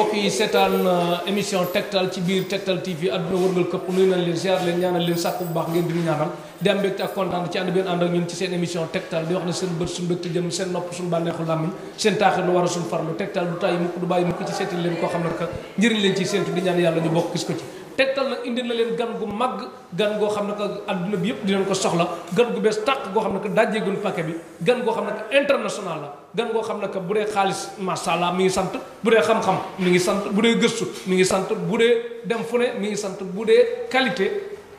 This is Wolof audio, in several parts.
mbokk yi seetaan euh, émission tegtal ci biir tegtal TV àdduna wërngal këpp nuyu nañ leen ziar leen ñaanal leen sàkk bu baax ngeen di ñaanal di am mbégte ak kontaan ci ànd benn ànd ak ñun ci seen émission tegtal di wax ne seen bët suñu mbégte jëm seen nopp suñu bànneexu làmmiñ seen taaxir lu war a suñu farlu tegtal du tàyyi mukk du bàyyi mukk ci seetal leen koo xam ne que njëriñ leen ci seentu di ñaan yàlla ñu bokk gis ko ci tegtal na indi na leen gan gu màgg gan goo xam ne que adduna bi yëpp dinañ ko soxla gan gu bees tàq goo xam ne que dajjeegun paquet bi gan goo xam ne que international la gan goo xam ne que bu dee xaalis macha allah mi ngi sant bu dee xam-xam mi ngi sant bu dee gëstu mi ngi sant bu dee dem fu ne mi ngi sant bu dee qualité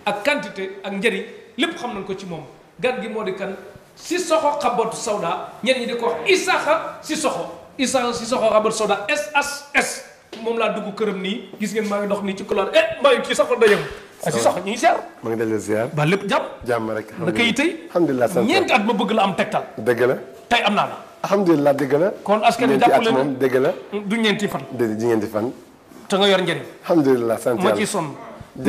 ak quantité ak njëriñ lépp xam nañ ko ci moom gan gi moo di kan si soxo xaboot sawda ñenn ñi di ko wax isaaxa si soxo isaaxa si soxo xabatu sawda SHS moom laa dugg këram nii gis ngeen maa ngi dox nii ci couloir eh mbay ci sax la dayam si sax ñu ngi seer ma ngi dellu ziar ba lépp jàpp jàmm ma bëgg la am tegtal dëgg la tey am naa la alhamdulilah dëgg la kon askan wi jàpp leen moom dëgg la du ñeenti fan dëgg di te nga yor njëriñ alhamdulilah sant yàlla ma ci sonn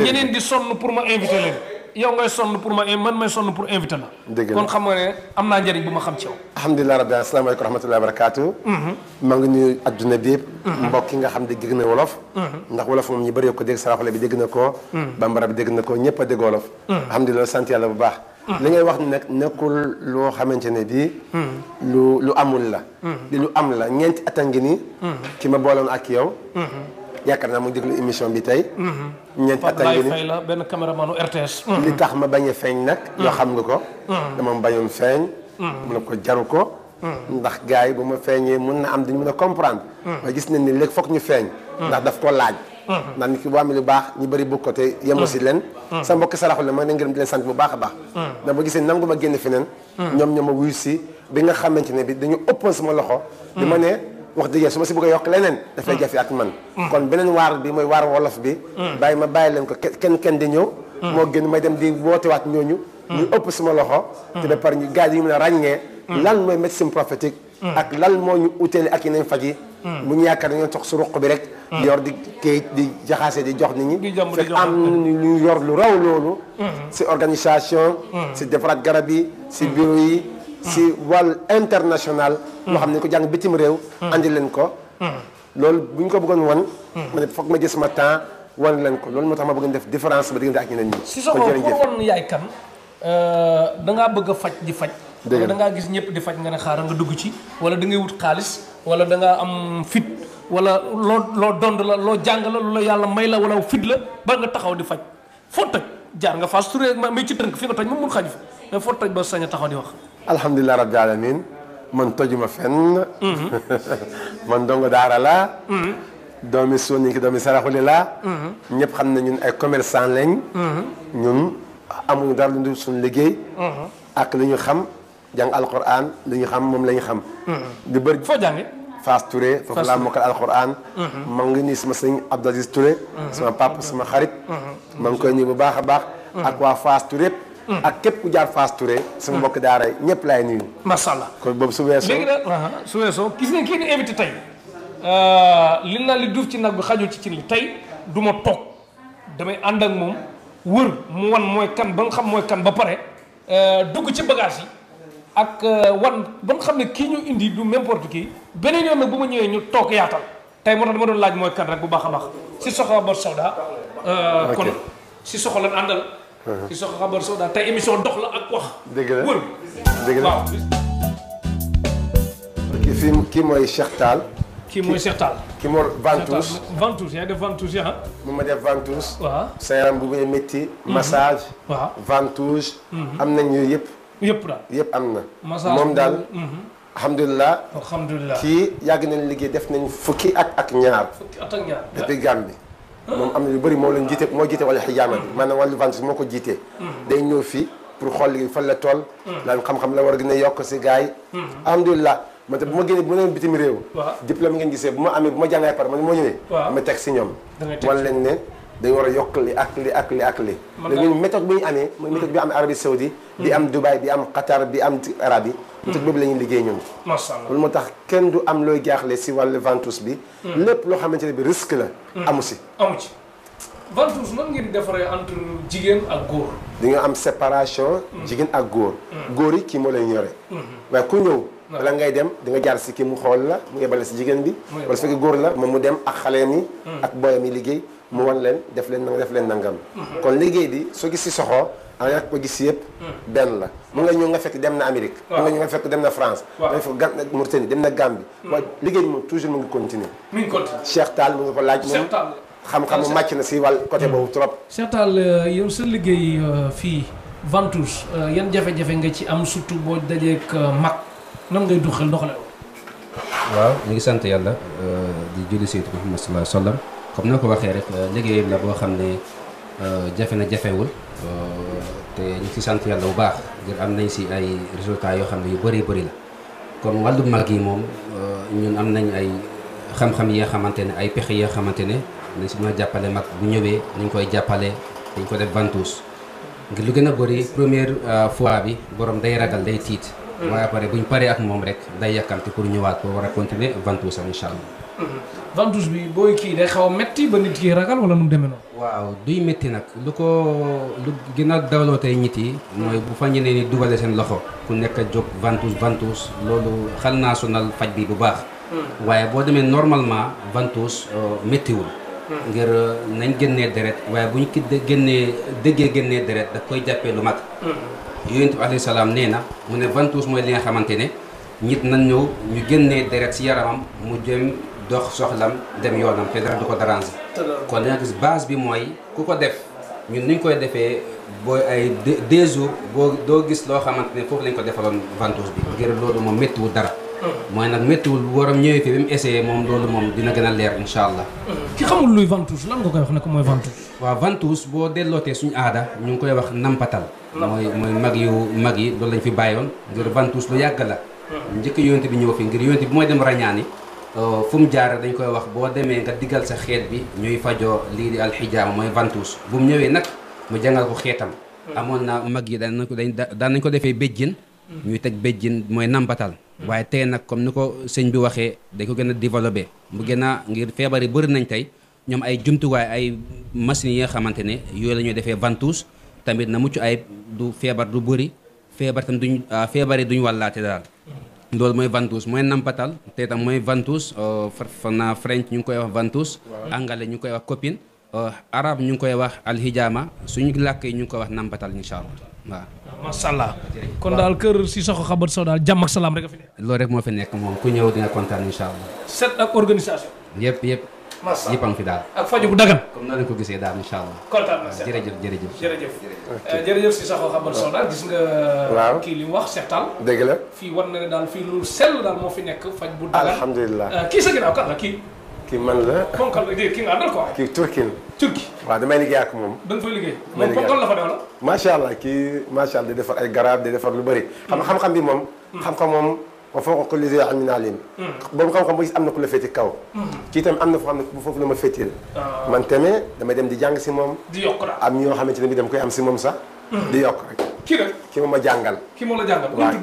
ñeneen di sonn pour ma invité leen yow ngay sonn pour ma man may sonn pour invité la. kon xam nga ne am naa njëriñ bu ma xam ci yow. alhamdulilah rabbi asalaamaaleykum wa rahmatullahi wa barakaatu. Mhm. maa ngi nuyu adduna bi yëpp. Mhm. mbokk yi nga xam ne dégg na wolof. Mhm. ndax wolof moom ñu bëri ko dégg saraxule na ko. bambara bi dégg a wolof. alhamdulilah sant yàlla bu baax. li ngay wax nag nekkul loo xamante ne bii. lu lu amul la. di lu am la ñeenti at a ngi nii. ki ma booloon ak yow. yaakaar naa mu ngi déglu émission bi tey. Mm-hmm. ñeenti at ak fay la benn caméraman u RTS. Mm-hmm. li tax ma bañ a feeñ nag. yoo mm-hmm. xam nga ko. dama bañoon feeñ. mu ne ko jaru ko. ndax gars bu ma feeñee mun na am duñ mun a comprendre. waaye gis nañ ni léegi foog ñu feeñ. ndax daf ko laaj. ndax nit ki boo amee lu baax ñu bëri bu côté yemoo si leen sa mbokk saraxu la ma ne ngërëm di leen sant baax a baax ndax ba gisee nangu ma génn feneen ñoom ñoo ma wuyu si bi nga xamante ne bi dañu ëppoon sama loxo di ma ne wax dëgg su ma si bëgg a yokk leneen. dafay mm. jafe ak man. Mm. kon beneen waar bi mooy waar wolof bi. Mm. bàyyi ma bàyyi leen ko kenn kenn di ñëw. moo gën may dem di wootewaat ñooñu. ñu ëpp suma loxo. te ba pare ñu gars yi ñu mën a ràññee. lan mooy médecine prophétique. ak lan moo ñu utile ak yeneen faj yi. mu ñu yaakaar dañoo toog su ruq bi rek. yor di kayit di jaxaase di jox nit ñi. am ñu yor lu raw loolu. si organisation. si defaraat garab si bureau yi. si wàll international. loo xam ne ko jàng bitim réew. andi leen ko. loolu bu ñu ko bëggoon wan. ma ne foog ma gis ma temps wan leen ko loolu moo tax ma bëgg def différence ba diggante ak ñeneen ñi. si soxla pour wan euh, da ngaa bëgg faj di faj. dëgg da ngaa gis ñëpp di faj nga ne xaaral nga dugg ci. wala da ngay wut xaalis wala da ngaa am fit wala loo loo dond la loo jàng la lu la yàlla may la wala fit la ba nga taxaw di faj foo toj jaar nga faas turé may ci tënk fi nga toj moom mun xaju fi mais foo toj ba sañ a taxaw di wax. alhamdulilah rabbil alamin man tojuma fenn. Mhm. man dongo daara laa. Mhm. doomi Soni ki doomi Saraxuli laa. Mhm. ñëpp xam ne ñun ay commerçant lañ. ñun amuñu dara lu dul suñu liggéey. ak li ñu xam jàng alquran li ñu xam moom la xam. di bëri foo jàngee. Fass Touré foofu laa mokkal alquran. maa ngi nii sama sëñ Abdou Aziz Touré. sama papa sama xarit. maa ngi koy nii bu baax a baax. ak waa Fass Touré Mm. ak képp ku jaar Fass Touré. sama mm. mbokk daara ñëpp laay nuyu. macha allah kon boobu su weesoo léegi nag su weesoo gis nga kii ni invité tey euh, li na li duuf ci nag bi xajul ci cin li tey du ma toog damay ànd ak moom wër mu wan mooy kan ba xam mooy kan ba pare euh, dugg ci bagage yi. ak euh, wan ba nga xam ne kii ñu indi du n'importe qui beneen yoon nag bu ma ñëwee ñu toog yaatal tey moo tax dama doon laaj mooy kan rek bu baax a baax si soxla bor sawda kon si soxla lan àndal ci uh-huh. sox xabar soo daal tey émission dox la ak wax. dëgg la wër dëgg la waaw. kii fii kii mooy Cheikh Tall. kii mooy Cheikh Tall. kii mooy ventouse. ventouse yaa def ventouse yaa. mu ma def ventouse. waaw sa bu muy métti. Mhm. massage. waaw ventouse. Mhm. am nañ yooyu yëpp. yëpp daal yëpp am na. massage moom daal. Mhm. alhamdulilah alhamdulilah kii yàgg nañ liggéey def nañ fukki ak ak ñaar. fukki at ak ñaar depuis Gambie. moom am na lu bëri moom lañ jiite moo jiite wala xijaama bi mm. maanaam wàllu moo ko jiitee mm. day ñëw fii pour xool li fan la tool lan mm. la war a gën a si gars yi alhamdulilah man te bu ma génnee bu ma leen bitim moo ñëwee ñoom wan leen dañ war a yokk li ak li ak li ak li léegi ñun méthode bu ñu amee mooy hmm. méthode bi am Arabie Saoudi bi hmm. am Dubaï bi am Qatar bi am arab yi hmm. méthode boobu la ñuy liggéey ñun macha allah moo tax kenn du am looy jaaxle si wàllu ventouse bi lépp loo xamante ne bi risque la amu si amu ci ventouse nan ngeen am séparation jigéen ak góor yi kii moo leen yore waaye ku ñëw wala ngay dem di jaar si kii mu xool la mu yebale si jigéen bi góor la moom mu dem ak xale mi ak booyam yi liggéey mu wan leen def leen nang def leen nangam. kon liggéey bi soo gis si soxoo ak ah, ak ko gis yëpp. benn la mun nga ñëw nga fekk dem na Amérique. mun nga ñëw nga fekk dem na France. waaw fekk Gan Mauritanie dem na Gambie. Hmm. waaye liggéey bi moom toujours mu ngi continuer mu ngi continuer Cheikh Tall mu ngi ko laaj. moom xam-xamu màcc na si wàll côté boobu trop. Hmm. Cheikh Tall euh, yow sa liggéey euh, fii Ventouse euh, yan jafe-jafe nga ci am surtout boo dajeeg mag nan ngay doxal doxalee waaw mu ngi sant yàlla di julli Seydou Muhammad sallallahu alayhi wa sallam comme na ko waxee rek euh, liggéeyam la boo xam ne euh, jafe na jafewul euh, te ñu ci sant yàlla bu baax ngir am nañ si ay résultats yoo xam ne yu bëri bëri la kon wàllu mag yi moom ñun am nañ ay xam-xam yi nga xamante ne ay pexe yi xamante ne nañ si mën a mag bu ñëwee nañ koy jàppale dañ ko def ventouse ngir lu gën a bëri première fois bi borom day ragal day tiit mm. waaye après bu ñu paree ak moom rek day yàkkamti pour ñëwaat pour war a continuer ventouse am ventouse bi booy kii day xaw a metti ba nit ki ragal wala nu mu demee noonu. waaw duy métti nag lu ko lu gën a dawloo tey nit yi. mooy bu fa ñeneen ni dugale seen loxo. ku nekk a jóg ventouse ventouse loolu xal naa sonal faj bi bu baax. Hmm. waaye boo demee normalement ventouse euh, méttiwul. Hmm. ngir euh, nañ génnee deret waaye bu ñu ki génnee déggee génnee deret daf koy jàppee lu mag. Hmm. yonent bi salaam nee na mu ne ventouse mooy li nga xamante ne nit nañ ñëw ñu génnee deret si yaramam mu jëm. dox soxlam dem yoonam te dara du ko déranger kon danga bi mooy ku ko def ñun ni ñu koy defee booy ay deux jours boo doo gis loo xamante ne foofu lañ ko defaloon ventouse bi ngir loolu moom méttiwul dara hmm. mooy nag méttiwul bu waram ñëwee fii ba mu essayé moom loolu moom dina gën a leer insha allah hmm. ki xamul luy ventouse lan nga koy wax ne ko mooy ventouse waa ventouse boo dellootee suñu aada ñu ngi koy wax nampatal mooy mooy mag yu mag yi loolu lañ fi bàyyoon ngir ventouse lu yàgg la hmm. njëkk yonte bi ñëw fi ngir yonte bi mooy dem Euh, fu mu jaara dañ koy wax boo demee nga diggal sa xeet bi ñuy fajoo lii di alxijaam mooy ventouse bu mu ñëwee nag mu jàngal ko xeetam hmm. amoon na mag yi daan nañ ko dañ daan nañ ko defee béjjin hmm. ñuy teg béjjin mooy nambatal hmm. waaye tey nag comme ni ko sëñ bi waxee dañ ko gën a développé mu gën a ngir feebar yi bëri nañ tey ñoom ay jumtuwaay ay machines yi nga xamante ne yooyu la defee ventouse tamit na mucc ay du feebar du bëri feebar tam duñ ah, feebar yi duñ wàllaate daal loolu mooy ventouse mooy nampatal te itam mooy ventouse euh, na french ñu ngi koy wax ventouse angale ñu ngi koy wax copine euh, arab ñu ngi koy wax alhijama suñu làkk yi ñu ngi koy wax nampatal insha allah waaw masha allah kon daal kër si soxo xabat sow daal jàmm ak salaam rek a fi nekk loolu rek moo fi nekk moom ku ñëw dina kontaan insha allah set ak organisation yëpp yëpp macha allah yëpp a ngi fi daal. ak faju bu dagan. comme noonu la ko gisee daal incha allah. kontaan na seet jërëjëf jërëjëf. jërëjëf euh, jërëjëf si saxoo xamal soo daal gis nga. waaw kii li mu wax Cheikh Tall. dëgg la fii war na ne daal fii lu sell daal moo fi nekk faj bu dagan. alhamdulilah euh, kii sa ginnaaw kan la kii. kii man la. ponkal la kii nga àndal quoi. kii turkin. turki waaw damay liggéey ak moom. da nga fay liggéey. damay liggéey moom ponkal la fa dewla. macha allah kii macha allah di defar ay garab di defar lu bëri. xam hmm. xam-xam bi moom. Hmm. xam-xam moom wa a kulli zi ilmin alim hmm. boobu xam-xam bu am na ku la féete kaw hmm. ci itam am na foo xam ne foofu la ma féeteel ah. man tamit dem di jàng si moom di yokk la am ñoo xamante ne bi dem koy am si moom sa hmm. di yokk rek kii nag ki ma ma ki ma la jàngal waaw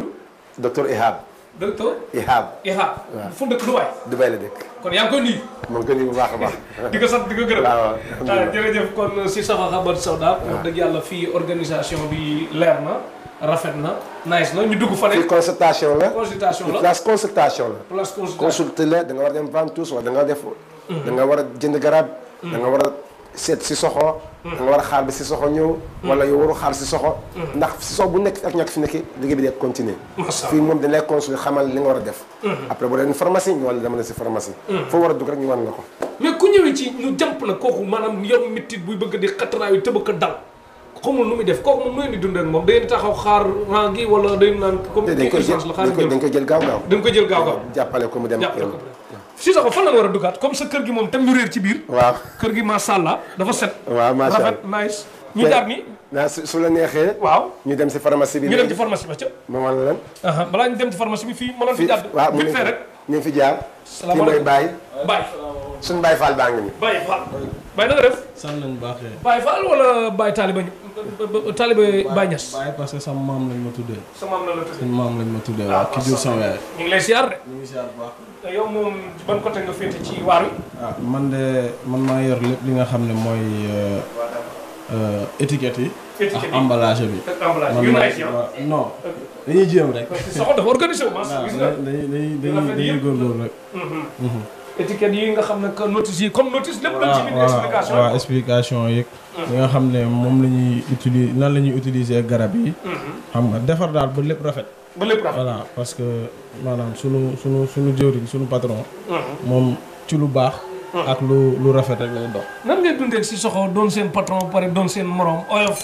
docteur Ihab docteur Ihab Ihab fu mu dëkk Dubaay Dubaay kon yaa ngi koy nuyu bu baax a baax di ko sant di ko gërëm waaw ah, jërëjëf si Safaa Habbatu Sauda wax dëgg yàlla fii organisation bi leer na rafet na nice na ñu dugg fa ne. consultation la consultation la consultation la. consultation la da war a dem ventouse wala da def. Mhm. da war a jënd garab. Mhm. da war a seet si soxo. da war a xaar bi si soxo ñëw. Mhm. wala yow waru xaar si soxo. ndax si soxo bu nekk ak ñàkk fi nekkee liggéey bi day continuer. fii moom dañ lay xamal li nga war a def. après bu dee pharmacie ñu wala dama la si pharmacie. foo war a dugg rek ñu wan la ko. mais ku ñëwee ci xamul nu muy def kooku moom nooy di dund ak moom day taxaw xaar rang gi wala day naan. comme urgence la xaaral dañ koy jël gaaw gaaw dañ koy jël gaaw gaaw. jàppale ko mu dem jàppale ko si sax fan la war a duggaat comme sa kër gi moom tam ñu réer ci biir. waaw kër gi macha allah dafa set. waaw macha allah rafet nice ñu jaar ni naa su la neexee. waaw ñu dem si pharmacie bi. ñu dem ci pharmacie ba ca. ma wan lan. balaa ñu dem ci pharmacie bi fii mënoon fi jaar. waaw mu rek ñu fi jaar. salaamaaleykum kii mooy Baye. Baye suñu Baye Fall baa ngi nii. Baye Fall. Baye na nga def. sant nañu baax de. Baye Fall wala Baye Taliba Taliba Baye Niass. parce que sama maam lañ ma tuddee. la la tuddee sama maam lañ ma tuddee ah, waaw ki jur sama yaay. ñu côté nga féete ah, man de man maa yor lépp li nga xam ne mooy euh, euh, étiquette yi. étiquette yi ah, bi. ak emballage dañuy jéem rek. soxal dafa organisé wu. dañuy dañuy dañuy rek. Mm-hmm. Mm-hmm. étiquette yi nga xam ne que notice yi comme notice lépp lañ ci bind explication yi hmm. nga xam ne moom la ñuy utiliser nan la ñuy utiliser garab yi hmm. xam nga defar daal ba lépp rafet ba lépp rafet voilà parce que maanaam sunu sunu sunu jëwriñ sunu patron hmm. moom ci lu baax ak lu lu rafet rek lay dox nan ngay dundee si soxo doon seen patron pare doon seen morom oyof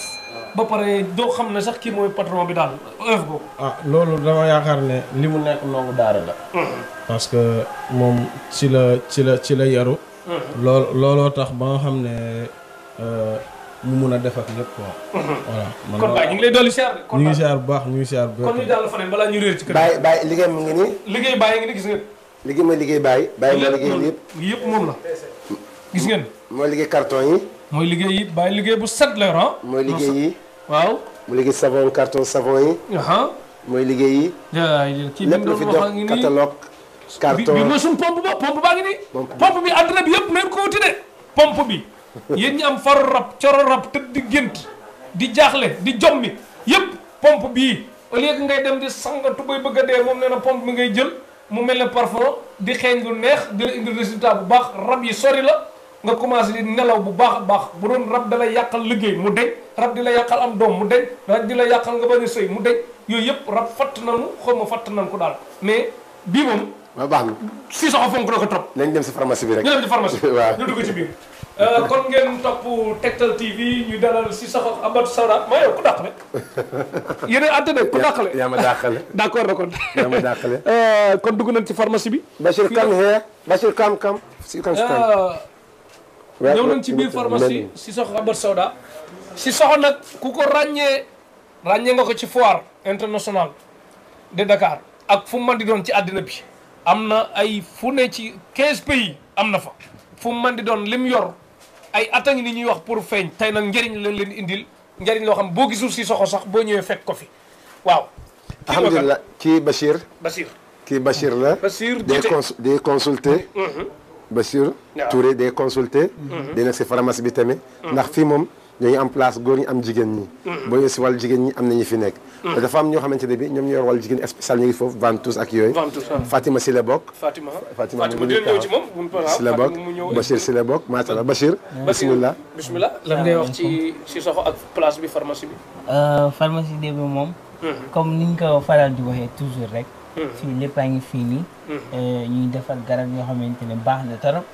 ba pare doo xam ne sax kii mooy patron bi daal oeuf ko. ah loolu dama yaakaar ne li mu nekk ndongo daara la. Mm-hmm. parce que moom ci la ci la ci la yaru. Mm-hmm. lool looloo tax ba nga xam ne euh, mu mun a def ak lépp quoi. Mm-hmm. voilà man kon baa ñu ngi lay dolli siyaar. ñu bu baax ñu ngi siyaar bu baax. kon ñu daal fa ne balaa ñu réer ci kër bàyyi bàyyi liggéey mu ngi nii. liggéey bàyyi ngi nii gis nga. liggéey ma liggéey bàyyi. bàyyi ma liggéey yëpp yëpp moom la. gis ngeen. mooy liggéey carton yi. mooy liggéey yi bàyyi liggéey bu set la ah. mooy liggéey yi. waaw mu liggéey savon carton savon yi. mooy liggéey yi. kii bi mu doon wax ak ngi lépp lu fi doon catalogue. carton bi bi mooy suñu pompe ba pompe baa ngi nii. pompe bi àdduna bi yëpp leen ko wuti de. pompe bi yéen ñi am faru rab coro rab tëdd di gént di jaaxle di jommi yëpp pompe bii au lieu que ngay dem di sanga tubay bëgg dee moom nee na pompe bi ngay jël mu mel ne parfum di xeeñ lu neex di la indi résultat bu baax rab yi sori la. nga commencé di nelaw bu baax baax bu doon rab da lay yàqal liggéey mu deñ rab di la yàqal am doom mu deñ rab di la yàqal nga a sëy mu deñ yooyu yëpp rab fatt nanu ma fatt nan ko daal mais bii moom waaw baax na si soxo fonk na ko trop nañ dem si pharmacie bi rek ñu dem si pharmacie bi waaw ñu dugg ci biir euh, kon ngeen topp Tektal TV ñu dalal si sax Amadou Sawra maa yow ku dàqale. yéen a àtte ku dàqale yaa ma dàqale. d' accord kon. yaa ma dàqale. Euh, kon dugg nañ ci pharmacie bi. Bachir Kam hee Bachir Kam Kam. si Kam si ñëw nañ ci biir pharmacie si sox Abar Sawda si soxo nag ku ko ràññee ràññee nga ko ci foire internationale de Dakar ak fu man di doon ci àddina bi am na ay fu ci 15 pays am na fa fu man di doon lim yor ay at a ni ñuy wax pour feeñ tey nag njëriñ lañ leen indil njëriñ loo xam boo gisul si soxo sax boo ñëwee fekk ko fi waaw alhamdulilah kii Bachir Bachir kii Bachir la Bachir des Bassirou Touré day consulté mhm. dina si pharmacie bi tamit mhm. ndax fii moom ñooñu am place góor ñi am jigéen ñi mhm. boo ñëwee si wàllu jigéen ñi am na nañu fi nekk te dafa am ñoo xamante ne bi ñoom ñoo yor wàllu jigéen spécial ñu ngi foofu ventous ak yooyu Fatima si la bokk Fatima Fatima mu ñëw ci moom si la bokk Bachir si la bokk macha allah Bachir bismillah bismillah lan ngay wax ci soxo ak place bi pharmacie bi euh, pharmacie bi moom comme niñ ko faral di waxee toujours rek fii lépp a ngi fii nii Euh, ñuy defar garab yoo xamante ne baax na trop.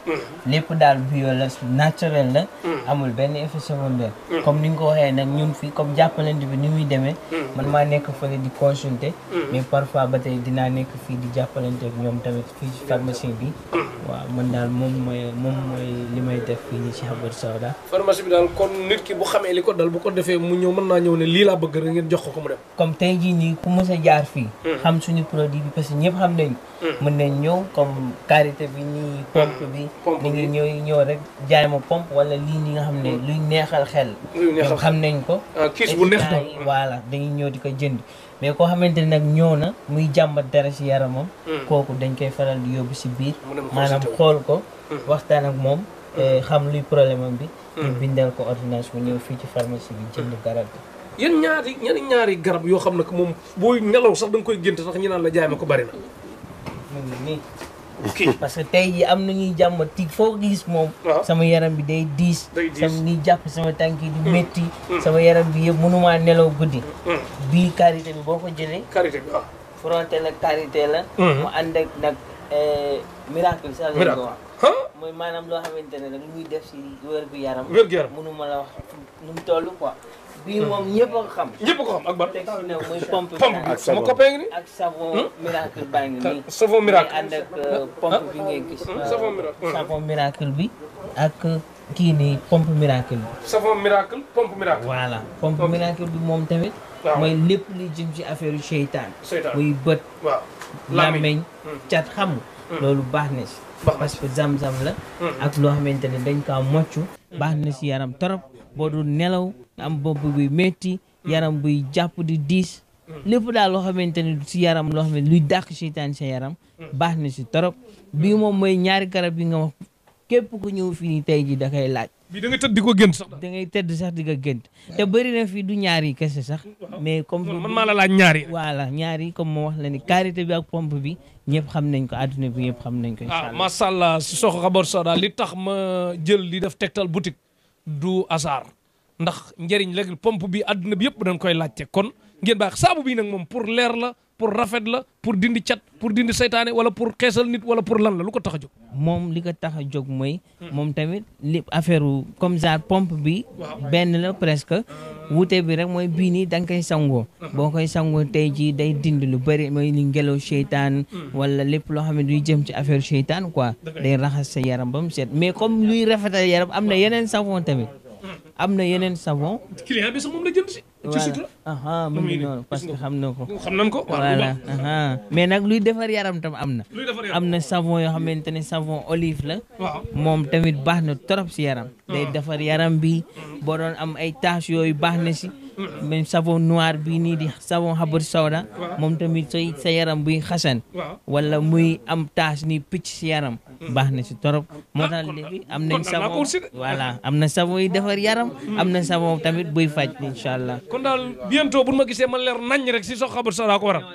lépp daal bio la naturel la. amul benn effet secondaire. comme ni nga ko waxee nag ñun fii comme jàppalante bi ni muy demee. man maa nekk fële di consulter. mais parfois ba tey dinaa nekk fii di jàppalante ak ñoom tamit fii ci pharmacie bi. waaw man daal moom mooy moom mooy bi daal kon nit ki bu xamee li ko dal bu ko defee mu ñëw mën naa ñëw ne lii laa bëgg rek ngeen jox ko ko mu dem. comme tey jii nii ku mës a jaar fii. Hmm. xam suñu produit bi parce que mën nañ ñëw comme karité bi nii pompe hmm. bi ni ngi ñëw ñëw rek jaay ma pompe wala lii ñi nga xam ne hmm. luy neexal xel xam nañ ko ah, kiis bu neex voilà dañuy ñëw di ko jënd mais koo xamante ne nag ñëw na muy jàmbat dara si yaramam hmm. kooku dañ koy faral di yóbbu si biir maanaam xool ko waxtaan ak moom eh, xam luy problème am bi ñu bindal ko ordonnance bu ñëw fii ci pharmacie bi jënd garab bi yéen ñaari ñaari ñaari garab yoo xam ne moom booy nelaw sax da koy gént sax ñu naan la jaay ma ko bari na mu parce que tey jii am na ñuy jàmm tig foo gis moom. Ah. sama yaram bi day diis. sama ñuy jàpp sama tànk yi di métti. Hmm. Hmm. sama yaram bi yëpp mënumaa nelaw guddi. Hmm. bii karité bi boo ko jëlee. karité bi waaw. fronté la karité la. mu ànd ak nag eh, sax lañ ko maanaam loo xamante ne muy def si wér gu yaram. wér la wax nu mu toll bii moom ñëpp a ko xam. ñëpp ak ban. teg si ne muy pompe bi ak savon hmm? miracle baa ngi nii. ak ah, bi ngay gis. savon miracle uh, hmm? hmm. savon miracle bi ak uh, kii nii pompe miracle bi. savon miracle bi moom tamit. mooy lépp li jëm ci affaire yu seytaan. seytaan muy bët. waaw làmmeñ cat xam loolu baax na si. parce que zam-zam la. ak loo xamante ne dañ kaa mocc. baax yaram trop. boo dul nelaw am bopp buy métti yaram buy jàpp di diis lépp daal loo xamante ne si yaram loo xam ne luy dàq seytaan sa yaram baax na si torop bii moom mooy ñaari garab yi nga wax képp ku ñëw fii nii tey ji da koy laaj bi da ngay tëdd di ko gënt sax da ngay tëdd sax di ko gënt te bëri na fii du ñaari kese sax mais comme man maa la laaj ñaari yi voilà comme moo wax la ni karité bi ak pompe bi ñëpp xam nañ ko adduna bi ñëpp xam nañ ko incha ah, allah masha allah si soxo xabar soda li tax ma jël li def tegtal boutique du hasard ndax njëriñ lekk pomp bi àdduna bi yëpp dañ koy laajte kon ngeen baax saabu bi nag moom pour leer la pour rafet la pour dindi cat pour dindi saytaane wala pour xeesal nit wala pour lan la lu ko tax a moom li ko tax a jóg mooy. moom tamit li affaire comme genre pompe bi. benn la presque. wute bi rek mooy bii nii da nga koy sangoo. boo koy sangoo tey jii day dindi lu bëri mooy li ngelaw seytaan. Hmm. wala lépp loo xam ne duy jëm ci affaire seytaan quoi. day raxas sa yaram ba mu set mais comme luy rafetal yaram am na yeneen savon tamit. Hmm. am na yeneen savon. client bi sax moom la jëm ci sutura noonu parce que xam na ko xam nan ko voilà mais nag luy defar yaram tam am na am na savon yoo xamante ne savon olive la moom tamit baax na trop si yaram day ah. defar yaram bi mm. boo doon am ay taches yooyu baax na si même savon noir bii nii di savon xabar sawda moom tamit sooy sa yaram buy xasan wala muy am tache ni picc si yaram mm. baax na si torop ah, moo tax léegi am nañ savon voilà am na savon yi defar yaram mm. am na savon tamit buy faj incha allah kon daal bientôt bu ma gisee man leer nañ rek si sox xabar sawda ko waral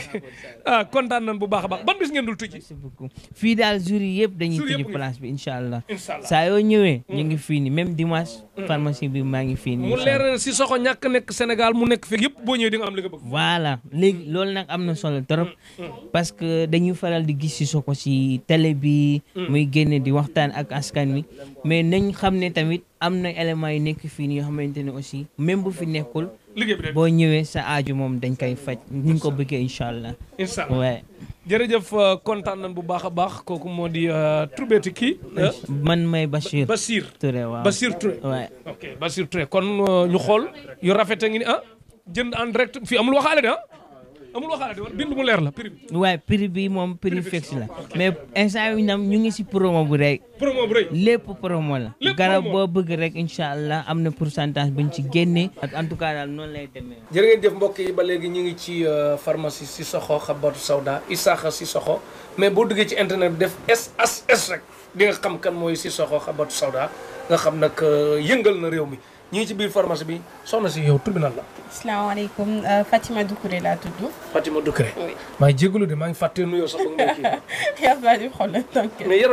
ah kontaan nañ bu baax a baax ban bis ngeen dul tujji fii daal jour yi yëpp dañuy tujji place bi incha allah saa yoo ñëwee ñu mm. ngi fii ni même dimanche pharmacie bi maa ngi fii ni ñàkk nekk Sénégal mu nekk fekk yëpp boo ñëwee di am li bëgg. voilà léegi loolu nag am na solo trop. Mm. parce que dañuy faral di gis si Sokone si tele bi. Mm. muy génne di waxtaan ak askan wi mais nañ xam ne tamit. am na éléments yi nekk fii nii yoo xamante ne aussi même bu fi nekkul. boo ñëwee sa aaju moom dañ koy faj. ni ñu ko bëggee incha allah. incha jërëjëf euh, kontaan nañ bu baax a baax kooku moo di euh, Troubetti kii. man may Bachir. Bachir Touré kon euh, ñu xool yu rafet a ngi ni ah jënd en direct fii amul waxaale de ah? amul waxaale woon bind mu leer la prix bi. waaw prix bi moom prix fixe la. mais instant bi nam ñu ngi si promo bu rek. promo bu rek lépp promo la. garab boo bëgg rek incha allah am na pourcentage buñ ci génnee. ak en tout cas daal noonu lay demee. jërë ngeen jëf mbokk yi ba léegi ñu ngi ci euh, pharmacie Sissoko Habbatu Sauda Isaaxa soxo mais boo duggee ci internet bi def SHS rek di xam kan mooy si Sissoko Habbatu Sauda nga xam nag euh, yëngal na réew mi. ñu ngi ci biir pharmacie bi soxna si yow tur bi lan la. asalaamaaleykum euh, Fatima Doucouré laa tudd. Fatima Doucouré. ngi de maa ngi fàtte nuyoo so ba nga kii. yaa baa di xool tànk mais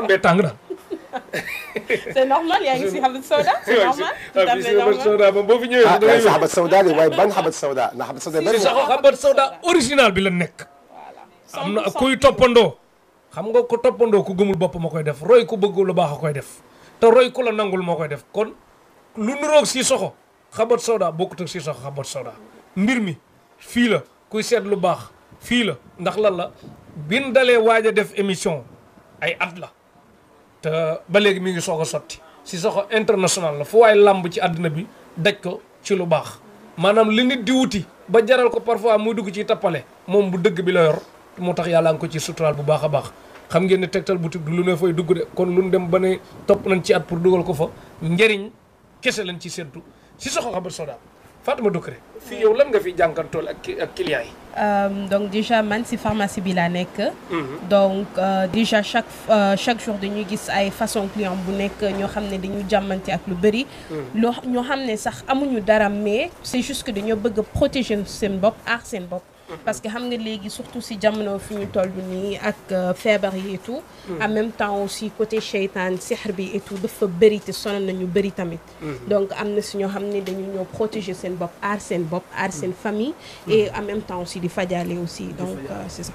normal yaa ngi si xabat sawda c'est normal ah, sawda moom boo fi ñëwee ah, waaye ban xabat sawda ndax xabat sawda original bi la nekk am na kuy toppandoo xam nga ko toppandoo ku gëmul bopp ma koy def roy ku bëgg lu baax a koy def te roy ku la nangul moo koy def kon lu nuroog si soxo xabat sawda bokkut ak si soxo xabat sawda mbir mi fii la kuy seet lu baax fii la ndax lan la bin dalee waaj a def émission ay at la te ba léegi mi ngi soog a sotti si soxo international la fu waay làmb ci àddina bi daj ko ci lu baax maanaam li nit di wuti ba jaral ko parfois muy dugg ci tappale moom bu dëgg bi la yor moo tax yàlla nga ko ci suturaal bu baax a baax xam ngeen ne Tektal boutique du lu ne fooy dugg de kon lu dem ba ne topp nañ ci at pour dugal ko fa njëriñ kese lañ ci séntu si soxo xabar soda Fatima Doucouré fii yow lan nga fi jànkantool ak ak clients yi. Euh, donc déjà man ci pharmacie bi laa nekk. Mhm. donc euh, déjà chaque euh, chaque jour dañuy gis ay façon client bu nekk ñoo xam ne dañu jàmmante ak lu bëri. Mhm. loo ñoo xam ne sax amuñu dara mais c'est juste que dañoo bëgg a protéger seen bopp aar seen bopp. parce que xam nga léegi surtout si jamono fi ñu toll nii ak euh, feebar yi et mm. en même temps aussi côté seytaan sixar bi et tout dafa bëri te sonal nañu bëri tamit. Mm. donc am na si ñoo xam ne dañu ñoo protéger seen bopp aar seen bopp aar mm. seen famille. et en même temps aussi di fajaale aussi donc euh, c'est ça.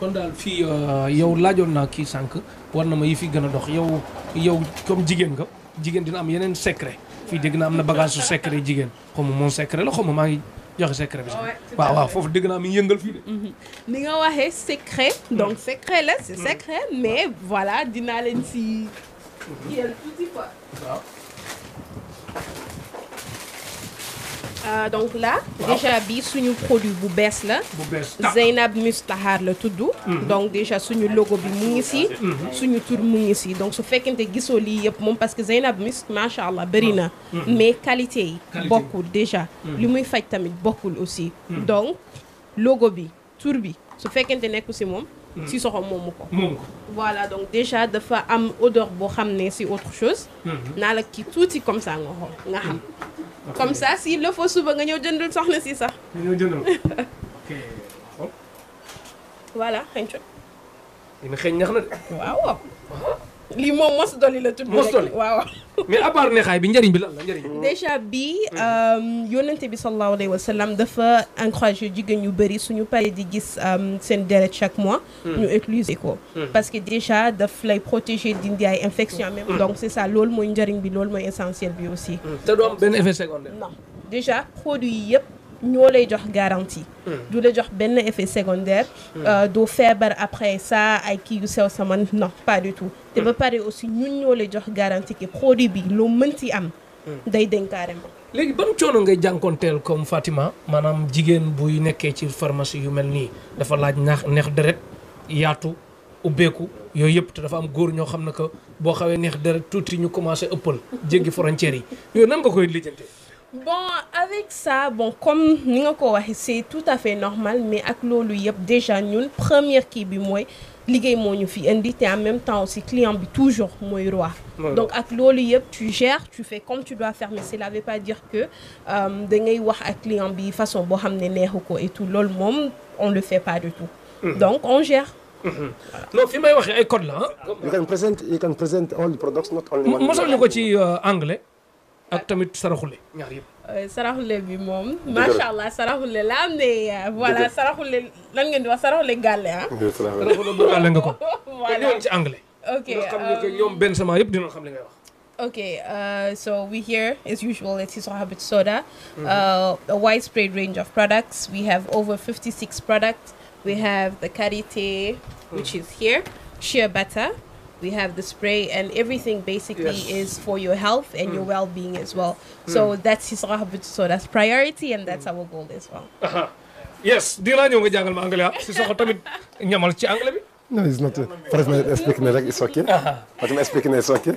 kon daal fii euh, yow laajoon naa kii sànq war na ma yi fi gën a dox yow yow comme jigéen nga jigéen dina am yeneen secret fii dégg na am na bagage su secret jigéen xaw ma moom secret la joxe secret bi waaw waaw foofu dégg naa mi ngi yëngal fii de. Mhm. ni nga waxee secret. donc mm. secret la c'est mm. secret mais voilà dinaa leen si. yel tuuti quoi. waaw. Euh, donc là wow. déjà bi suñu produit bu bees la Zeynab Mustahar la tudd mhm. donc déjà suñu logo bi mu ngi si mhm. suñu tur mu ngi si donc su fekkente gisoo lii yëpp moom parce que Zeynab Must macha allah bëri na mhm. mais qualité yi bokkul déjà li muy faj tamit bokkul aussi donc logo bi tur bi su fekkente nekku si moom si moom moomu ko voilà donc déjà dafa am odeur boo xam ne si autre chose mhm. naa la kii tuuti comme ça nga xool nga xam comme ça si le faut suba nga ñëw jëndul soxna si sax nga ñëw jëndul voilà xëñ co ñax na de waaw lii moom mos dolli la tudd mos dolli waaw mais à part neexaay bi njariñ bi lan la njëriñ déjà bii euh, yonente bi sallallahu alayhi wa sallam dafa encouragé jigéen ñu bëri suñu paree di gis euh, seen deret chaque mois hmm. ñu utiliser ko hmm. parce que déjà daf lay protéger dindi ay infection même hmm. donc c'est ça loolu mooy njëriñ bi loolu mooy essentiel bi aussi te du am benn effet secondaire non déjà produit yi yëpp ñoo lay jox garantie. Hmm. du la jox benn effet secondaire. Hmm. Euh, doo feebar après saa ay kii yu sew sama non pas du tout. te ba hmm. pare aussi ñun ñoo lay jox garanti que produit bi loo mënti am. day dénk carrément. léegi ban coono ngay jànkonteel comme Fatima maanaam jigéen buy nekkee ci pharmacie yu mel nii dafa laaj neex neex deret yaatu ubbeeku yooyu yëpp te dafa am góor ñoo xam ne que boo xawee neex deret tuuti ñu commencé ëppal jéggi frontières yi yooyu nan nga koy lijjantee. bon avec sa bon comme ni nga ko waxee c'est tout à fait normal mais ak loolu yëpp déjà ñun première kii bi mooy liggéey moo ñu fi indi te en même temps aussi client bi toujours mooy roi. donc ak loolu yëpp tu gères tu fais comme tu dois faire mais cela veut pas dire que euh, da ngay wax ak client bi façon boo xam ne neexu ko et tout loolu moom on le fait pas du tout. Mmh. donc on gère. Mm-hmm. non fi may waxee ay code la ah. you can present ko ci euh, anglais. ak tamit saraxule ñaar yëpp. Euh, saraxule bi moom. macha allah saraxule la am ne euh, voilà saraxule lan ngeen di wax saraxule gàlle ah. saraxule bu gàlle nga ko. voilà ñëwoon ci anglais. ok nga xam ne euh, que ñoom benn sama yëpp dina xam li ngay wax. Okay, uh, so we here, as usual, at Siso Habit Soda, mm-hmm. uh, a widespread range of products. We have over 56 products. We have the karité, mm. which is here, shea butter, we have the spray and everything basically yes. is for your health and mm. your well-being as well mm. so that's hisra so that's priority and that's mm. our goal as well uh -huh. yes di laa ñëw nga jàngal ma anglais ah si soxla tamit ñamal ci anglais bi No, it's not. Fares na expliqué na rek it's okay. Fatima expliqué na it's okay.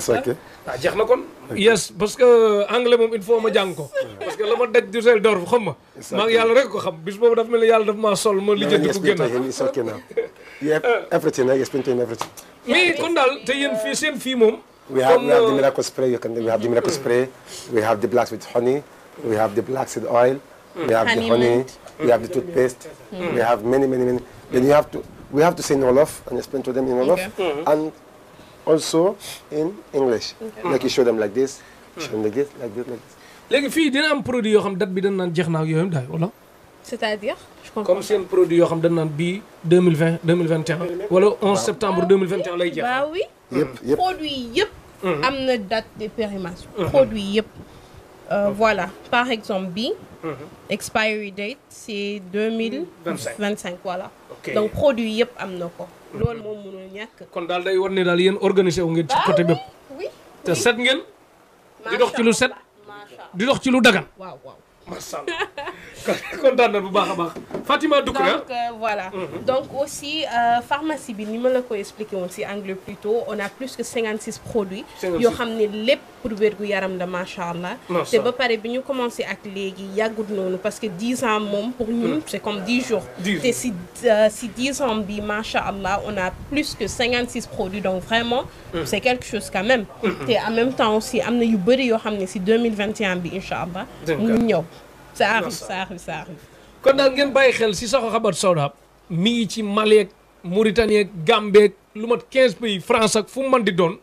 It's okay. waaw jeex na kon. yes parce que anglais moom il faut ma jàng ko. parce que la ma daj Düsseldorf xam ma. maa ngi yàlla rek ko xam bis boobu dafa mel ni yàlla dafa maa sol ma lijjanti ko génn. it's okay now. yep, everything, I explain to him everything. mais kon daal te yéen fii seen fii moom. we have we have the miracle spray you can we have the miracle spray. we have the blacks with honey. we have the blacks with oil. we have the honey. we have the toothpaste. we have many many many. then you have to. we have to say in Wolof and explain to them in Wolof okay. mm -hmm. and also in English. Okay. like you show them like this. show them like this like this like this. léegi fii dina am produit yoo xam date bi dañ naan jeex na ak yooyu daay wala. c'est-à-dire. comme seen produit yoo xam dañ naan bii deux mille vingt deux mille vingt et un wala onze septembre deux mille vingt et un lay jeex. waaw oui. yëpp yëpp produit yëpp. Mm-hmm. am na date de périmation. Mm-hmm. produit yëpp. Euh, voilà par exemple bi. Mm -hmm. expiry date c'est deux mille. vingt cinq voilà. Okay. donc produit yëpp am na ko. Mhm. loolu moom mënul ñàkk. kon daal war ne daal yéen organiser wu ngeen. ci côté bépp ah te set ngeen. di dox ci lu set. di dox ci lu dagan. kontaan na bu baax a baax Fatima Doucouré donc euh, voilà mm -hmm. donc aussi euh, pharmacie bi ni ma la ko expliqué woon si anglais plutôt on a plus que 56 produits yoo xam ne lépp pour wérgu yaram la macha allah te ba pare bi ñu commencé ak léegi yàggut noonu parce que dix ans moom pour ñun mhm. c'est comme 10 jours te si euh, si 10 ans bi macha allah on a plus que 56 produits donc vraiment mhm. c'est quelque chose quand même mhm. te en même temps am na yu bëri yoo xam ne si 2021 bi incha allah mu ñëw ça arrive ça kon daal ngeen bàyyi xel si sox Habbatu Sauda mi ngi ci Mali ak Mauritanie ak Gambie lu mat 15 pays France ak fu mu mën di doon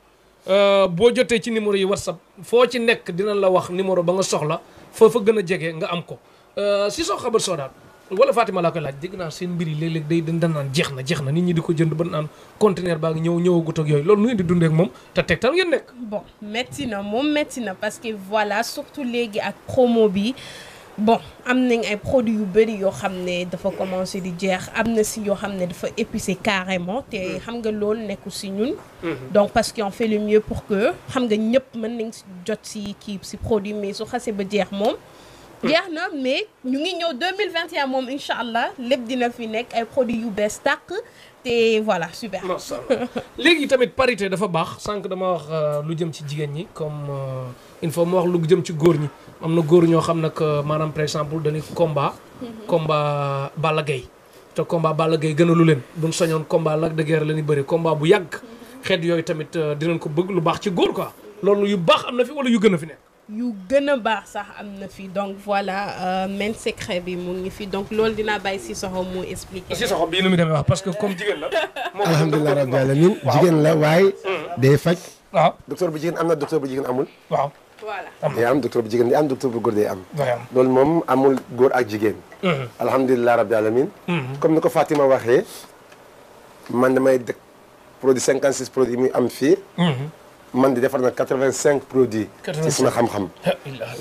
euh, boo jotee ci numéro yi WhatsApp foo ci nekk dinañ la wax numéro ba nga soxla fa fa gën a jege nga am ko euh, si Soxla Habbatu Sauda wala Fatima laa koy laa dégg naa seen mbir yi léeg-léeg day dañ naan jeex na jeex na nit ñi di ko jënd ba naan conteneur baa ngi ñëw ñëwagut ak yooyu loolu nu ngeen di dundee ak moom te Tektal ngeen nekk. bon métti na moom métti na parce que voilà surtout léegi ak promo bi. bon am nañ ay produits yu bëri yoo xam ne dafa commencé di jeex am na si yoo xam ne dafa épicé carrément te mm-hmm. xam nga loolu nekkul si ñun mm-hmm. donc parce que on fait le mieux pour que xam nga ñëpp mën nañ si jot si kii si produit mais su xase ba jeex moom mm-hmm. jeex na mais ñu ngi ñëw 2021 moom incha allah lépp dina fi nekk ay yu bees tàq te voilà super. macha léegi tamit parité dafa baax sànq dama wax euh, lu jëm ci jigéen ñi comme euh, il faut ma wax lu jëm ci góor ñi. am na góor ñoo xam nag euh, maanaam par exemple dañuy combat. Mhm. combat Balla Gaye te combat Balla Gaye gën a lu leen buñ soñoon combat la de Guiers la ñuy bëri combat bu yàgg. Mhm. xeet yooyu tamit euh, dinañ ko bëgg lu baax ci góor quoi loolu yu baax am na fi wala yu gën a fi nekk. yu gën baax sax am na fi donc voilà euh, main secret bi mu ngi fi donc loolu dinaa bàyyi si soxo mu expliqué. si soxo bii nu mu demee wax parce que comme jigéen la. alhamdulilah rabbil alamin jigéen la waaye. Mm. day faj. waaw docteur bu jigéen voilà day am docteur bu jigéen day am docteur bu góor day am loolu moom amul góor ak jigéen mhm. alhamdulilah rabbi alamin mhm. comme ni ko Fatima waxee man damay dëkk produit cinquante six produit muy am fii mhm. man di defar na quatre vingt cinq produits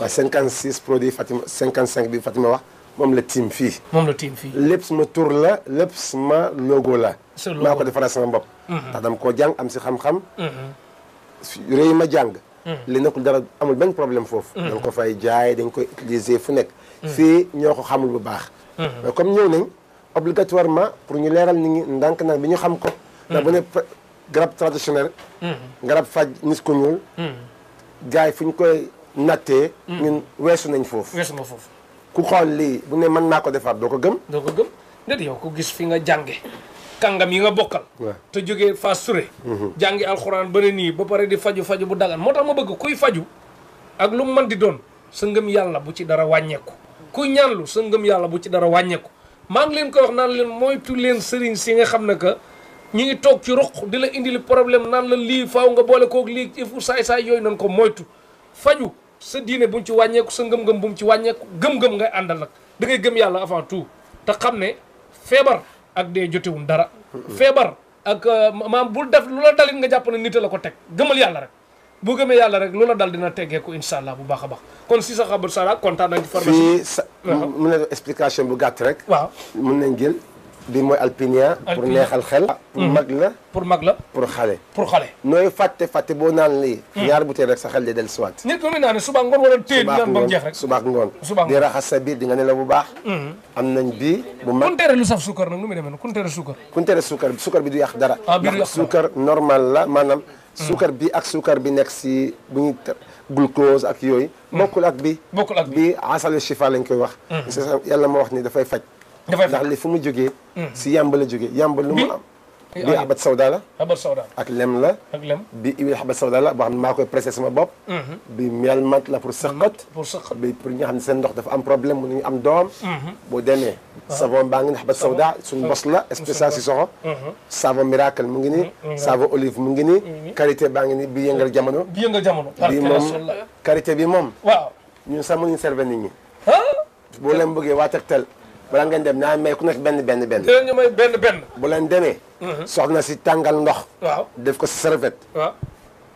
xam-xam produit Fatima wax moom la tiim fii moom la tiim fii lépp suma la lépp suma logo la maa ko defaral sama bopp ndax dama koo am si xam-xam réew ma Mm. li ku dara amul benn problème foofu mm. dañ ko fay jaay dañ ko utiliser fu nekk mm. fii ñoo ko xamul bu baax mm-hmm. mais comme ñëw nañ obligatoirement pour ñu leeral nit ñi ndànk bi ñu xam ko mm-hmm. ndax bu ne garab traditionnel mm-hmm. garab faj nit ku ñuul gars yi fu ñu koy nattee ñun weesu nañ foofu weesu nga foofu ku xool li bu ne mën naa ko defaat doo ko gëm doo ko gëm déet yow ku gis fi nga jànge kàngam yi nga bokkal te jóge Fass sure mm-hmm. jàngi alxuraan ba ne nii ba pare di faju faju bu dagan moo tax ma bëgg kuy faju ak lu mu mën di doon sa ngëm yàlla bu ci dara wàññeeku kuy ñaanlu sa ngëm yàlla bu ci dara wàññeeku maa ngi leen ko wax naan leen moytu leen sëriñ si nga xam ne que ñu ngi toog ci ruq di la indili problème naan la lii faaw nga boole koog lii ifu saay-saay yooyu nan ko moytu faju sa diine bu mu ci wàññeeku sa ngëm-ngëm bu mu ci wàññeeku gëm-gëm ngay àndal nag da ngay gëm yàlla avant tout te xam ne feebar ak dee jotewul dara feebar ak euh, maam bul def lu la dalit nga jàpp ne nit la ko teg gëmal yàlla rek bu gëmee yàlla rek lu la dal dina teggee ko insha bu baax a baax kon si sa xabar sara kontaan nañ ci formation fii sa mun na explication bu gàtt rek waaw mun nañ jël bi mooy alpinia pour neexal xel pour mhm. mag la pour mag la pour xale pour xale nooy fàtte fàtte boo naan lii ñaar mhm. bu tee rek sa xel di del siwaat nit ko muy naan suba ngoon wala tee naan ba mu jeex rek suba ngoon di raxas sa biir di nga ne la bu baax mhm. am nañ bii bu mag kun tere lu saf suukar nag nu muy demee noonu kun tere suukar kun tere suukar suukar bi du yàq dara ah, ndax suukar normal la maanaam suukar bi ak suukar bi nekk si bu ñuy glucose ak yooyu bokkul ak bi bokkul ak bi asal shifa lañ koy wax yàlla moo wax ni dafay faj dafay ndax li fu mu jógee. Hmm. si yàmba la jógee yàmba lu mu am. bi habat sawda la. habat sawda ak lem la. ak lem bi huile habat sawda la boo xam ne maa koy pressé sama bopp. Hmm. bi miel mat la pour sëqat. pour sëqat bi pour ñi nga xam ne seen ndox dafa am problème mënuñu am doom. Hmm. boo demee. Ah. savon baa ngi ne habat sawda suñu ah. bos la spécial si soxo. savon miracle mu ngi nii. savon olive mu ngi nii. karité baa ngi nii bi yëngal jamono. bi yëngal jamono. bi moom karité bi moom. waaw ñun sax mënuñu serve nit ñi. boo leen bëggee waa Tektal. bala ngeen dem naa may ku nekk benn benn benn. dinañ ñu may benn benn. bu leen demee. Mhm. soxna si tàngal ndox. def ko si serviette. waaw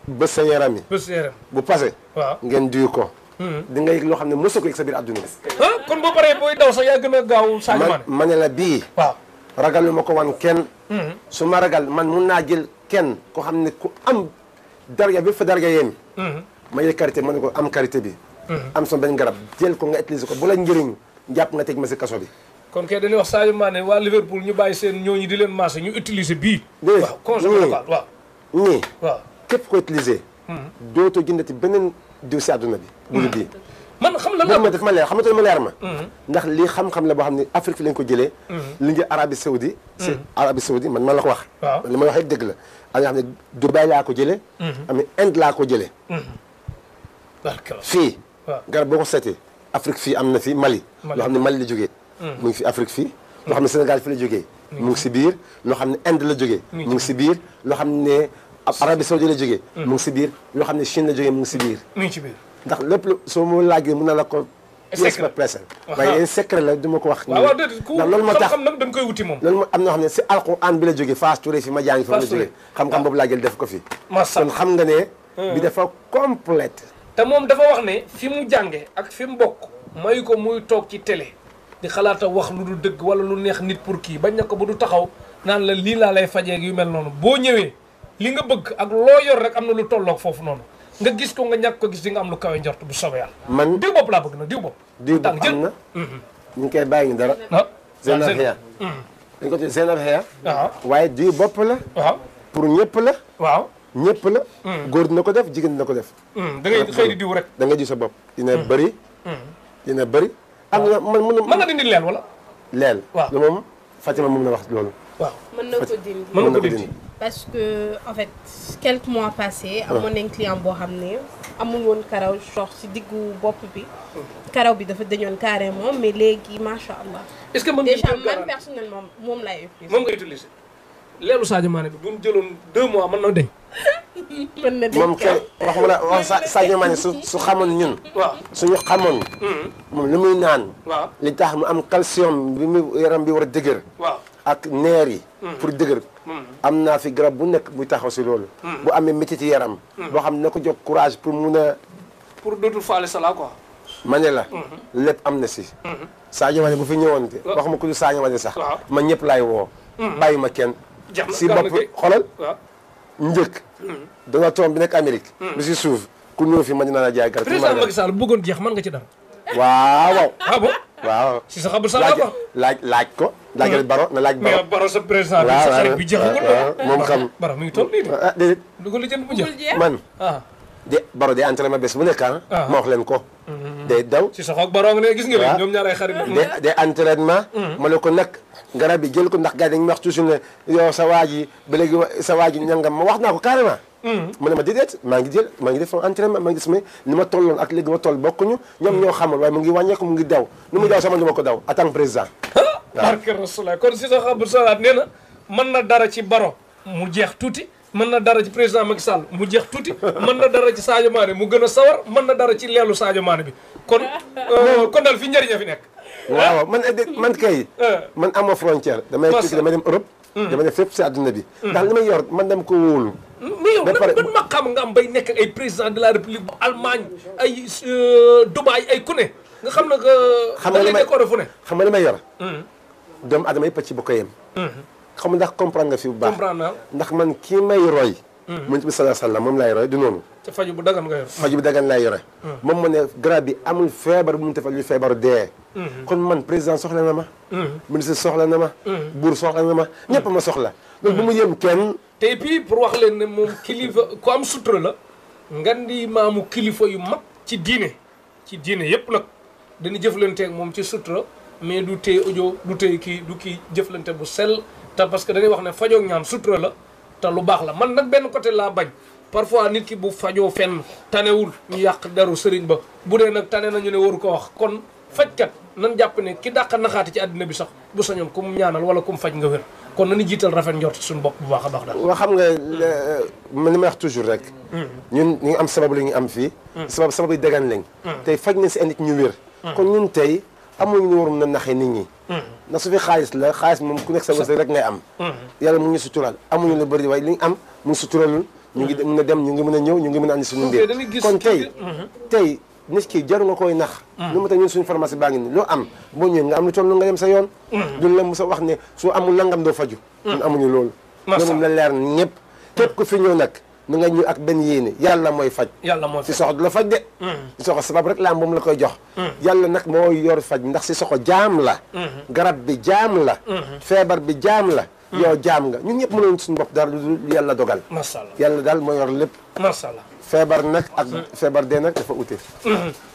bës sa yaram yi. bu passé. waaw ngeen diw ko. Mhm. di nga yëg loo xam ne mosoo ko sa biir adduna. kon boo paree booy daw sax yaa gën a gaaw. Sadio Mané ma ne la bii. ragal ragalu ma ko wan kenn. Mhm. su ma ragal man mun naa jël kenn ko xam ne ku am darga bi fa darga yéen. ma yëg karité ma ne ko am karité bi. am sama benn garab jël ko nga utiliser ko bu la njëriñ. jàpp nga tëj ma si kaso bi. kon kay dañuy wax Sadio Mané waa Liverpool ñu bàyyi seen ñooñu di leen marché ñu utiliser bii. waaw consommer local waaw. nii waaw képp ko utiliser. Hmm. dootoo jëndati beneen diw si àdduna bi. Hmm. bu bii. xam la ma def ma leer xamante ma leer ma. Hmm. ndax lii xam-xam la boo xam ne Afrique fi lañ ko jëlee. li nga Arabie Saoudi. c' est Arabie la ko wax. waaw li may wax yëpp dëgg la. laa ko jëlee. am na boo ko seetee. Afrique fii am na fi Mali. loo xam ne Mali la jógee. Mm. mu ngi fi Afrique fii. Mm. loo xam ne Sénégal fi la jógee. Mm. mu ngi si biir loo xam ne Inde la jógee. mu ngi si biir loo xam ne Arabie Saoudite la jógee. mu ngi si biir loo xam ne Chine la jógee mu ngi si biir. mu ngi si biir ndax lépp lu soo ma laajee mën na la ko. pièce par pièce waaye secret la du ma ko wax. waaw déedéet ku xam-xam nag dañ koy wuti moom. loolu am na xam ne si alxuraan bi la jógee Fass Touré fi ma jàngi fa ma jógee. xam-xam boobu laa jël def ko fi. kon xam nga ne. bi dafa complète te moom dafa wax ne fi mu jànge ak fi mu bokk mayu ko muy toog ci télé di xalaat wax lu du dëgg wala lu neex nit pour kii ba na ba du taxaw naan la lii laa lay fajeeg yu mel noonu boo ñëwee li nga bëgg ak loo yor rek am na lu tolloog foofu noonu nga gis ko nga ñàkk ko gis di nga am lu kawe njort bu soobee yàlla. man diw bopp laa bëgg nag diw bopp. diw bopp na mhm. ñu ngi koy bàyyi ñu dara. ah Zeynab Heya. Mhm. dañu ko ah. waaye diw bopp la. waaw ah. pour ñëpp la. waaw. ñëpp la. Mm. góor dina ko def jigéen dina ko def. Mm. da ngay xëy rek. da nga ji sa bopp dina bëri. Mm. dina bëri. am na man mën na mën nga dindi leel wala. leel. waaw lu moom Fatima moom la wax loolu. waaw man na ko dindi mën na ko dindi. parce que en fait quelques mois passés. Ah. amoon nañ client boo xam ne amul woon karaw sox si diggu bopp bi. karaw bi dafa dañoon carrément mais léegi macha allah. est-ce que mën nga déjà man personnellement moom laay utiliser. moom nga utiliser leelu Sadio Mané bi bu mu jëloon deux mois man na deñ mën na dégg moom kay waxumala wax Sadio Mané su su xamoon ñun. waaw suñu xamoon. Hmm. moom li muy naan. waaw li tax mu am calcium bi yaram bi war a dëgër. waaw ak neer yi. Hmm. pour dëgër. Hmm. am naa fi garab bu nekk buy taxaw si loolu. bu amee métti ci yaram. boo xam ne na ko jox courage pour mun a. pour dootul faale sala quoi. ma ne la. lépp am na si. Sadio Mané bu fi ñëwoon te. waxuma ku dul Sadio Mané sax. ma ñëpp laay woo. bàyyi ma kenn. si bopp xolal. njëkk. Donald Trump bi nekk Amérique. Hmm. bi si suuf ku ñëw fi mën naa la jaay gàllankoor. président Macky Sall bëggoon jeex mën nga ci dara. waaw waaw. ah bon waaw. si sa xabul sa laaj laaj laaj ko. laaj rek baro na laaj baro. mais baro sa président bi sa xarit bi jeexagul. waaw ah, ah, ah, moom xam baro mi ngi toll nii de. man. di baro di entraînement bés bu nekk ah. ah. ma wax leen ko. Mm-hmm. day daw si soxog baroog léegi gis nga ñoom ñaar ay xarit la. day entraînement. Mm-hmm. ma ne ko nag garab yi jël ko ndax gars dañu wax toujours ne yow sa waa ji ba ma wax naa ko carrément. mu mm-hmm. ne ma déedéet ma tolloon ak léegi ma toll bokkuñu ñoom ñoo xamul mu ngi mu ngi nu mu daw sama ñu ma daw en tant que président. waaw barke kon si soxog bu salaat nee na dara ci baro mu jeex tuuti man na dara ci président Macky Sall mu jeex tuuti man na dara ci Sadio Mané mu gën a man na dara ci leelu Sadio Mané bi kon euh, kon daal fi njëriñ a fi nekk waaw man eh, man kay euh. man amoo frontière damay tukki damay dem Europe hmm. dama def si àdduna bi ndax hmm. li may yor man dama ko wóolu hmm, mais yow ban nga am bay nekk ay président de la république bu Allemagne ay euh, Dubaï ay ku ne nga xam na que xam nga li fu ne xam nga li may yor doomu adama yi pàcc bu xam ndax comprendre nga fi bu baax ndax man kii may roy hmm. mun ci bi sallallahu alayhi wasallam moom laay roy du noonu te faju bu dagan nga yor faju bu dagan laay yore hmm. moom mu ne garab bi amul feebar bu mu defal lu feebaru dee hmm. kon man président soxla na ma ministre soxla na ma buur soxla na ma ñëpp ma soxla loolu bu mu yëm kenn te et puis pour wax leen ne moom kilifa ku am sutura la ngan di maamu kilifa yu mag ci diine ci diine yëpp nag dañu jëflanteeg moom ci sutura mais du téye audio du téye kii du kii jëflante bu sell te parce que dañuy wax ne fajoo ñaan sutura la te lu baax la man nag benn côté laa bañ parfois nit ki bu fajoo fenn tanewul ñu yàq deru sëriñ ba bu dee nag tane ñu ne waru ko wax kon faj kat nan jàpp ne ki dàq naxaati ci àddina bi sax bu sañoon ku mu ñaanal wala ku mu faj nga wér kon nañu jiital rafet njort suñu bopp bu baax a baax daal. waaw xam nga euh, li ma wax toujours rek. Hmm. ñun ñu am sabab lañu am fii. Hmm. sabab sabab yi dagan lañ. Hmm. tey faj na si ay ñu w amuñu lu warum a naxee nit ñi na su fi xaalis la xaalis moom ku nekk sa wërsëg rek ngay am mm-hmm. yàlla mu ngi sutural amuñu lu bëri waaye li ñu am mm-hmm. a dem ñu ngi a a mm-hmm. lu ma tax ñun suñu pharmacie baa ngi nii loo am boo ñëwee nga am lu toll nga dem sa yoon duñ la mos a wax ne soo amul nangam doo faju ñun amuñu loolu loolu moom la leer ñëpp képp ku fi ñëw nag na nga ñëw ak benn yéene yàlla mooy faj si soxo du la faj de mm. si soxo sabab rek laa moom la koy jox mm. yàlla nag moo yor faj ndax si soxo jaam la mm-hmm. garab bi jaam la mm-hmm. feebar bi jaam la mm. yow jaam nga ñun ñëpp mënoon suñu bopp dara lu yàlla dogal macha allah yàlla daal moo yor lépp macha allah feebar nag ak mm-hmm. feebar dee nag dafa ute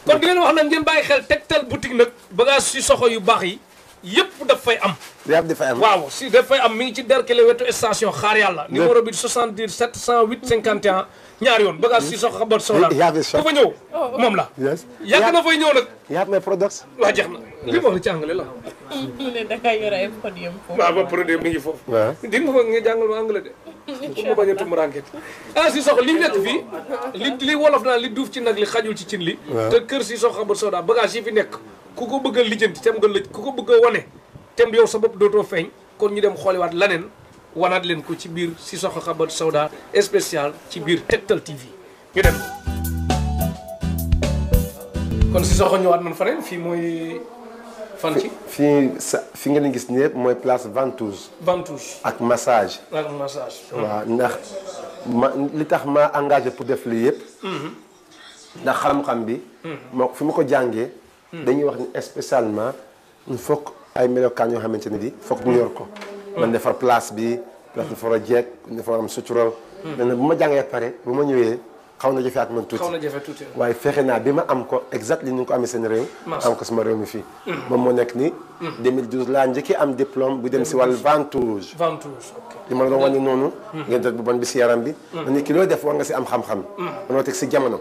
kon di leen wax nag ngeen bàyyi xel Tektal boutique nag bagage si soxo yu baax yi yëpp daf fay am. yëpp daf fay am waaw si am mi ngi ci Derklé wetu station xaar yàlla. numéro bi 70 708 51 ñaari yoon bagage si sox xabar soxla. ku fa ñëw oh. moom la. yàgg na fay ñëw nag. yàgg na products. waa jeex na li ma wax la. mu ne da ngaa yore ay produits am foofu. waaw ba mi ngi foofu. waaw dégg nga foog ma anglais de. pour mu si sox li nekk fii li wolof naa li duuf ci nag li xajul ci cin li te kër si sox xambat sooda bagage yi fi nekk ku ko bëgg a lijjanti tem nga lëj ku ko bëgg a wane tem yow sa dootoo feeñ kon ñu dem xooliwaat laneen wanaat leen ko ci biir si sox xambat sooda spécial ci biir Tektal TV ñu dem kon si soxo ñëwaat man faneen fii mooy fan ci fi fi ngeen gis nii mooy place ventouse. ventouse ak massage. ak massage. waaw ndax ma li tax ma engage pour def lii yëpp. Mhm. ndax xam-xam bi. Mhm. moo fi ma ko jàngee. Mhm. dañuy wax ni spécialement il faut que ay melokaan yoo xamante ne bi foog ñu yor ko. man defar place bi. place dafa war a jeeg dafa war am sutural. bu ma jàngee pare bu ma ñëwee. xaw na jafe ak man tuuti xaw na jafe tuuti waaye fexe naa bi ma am ko exact li ni ko amee am ko sama réew mi fii mm. moom moo mm. laa njëkki am diplôme bu dem si wàllu ventouse li ma la doon wane noonu mm. ngeen dot bu bon bi si yaram bi ma ne ki loo def war nga si am xam-xam manoo teg si jamono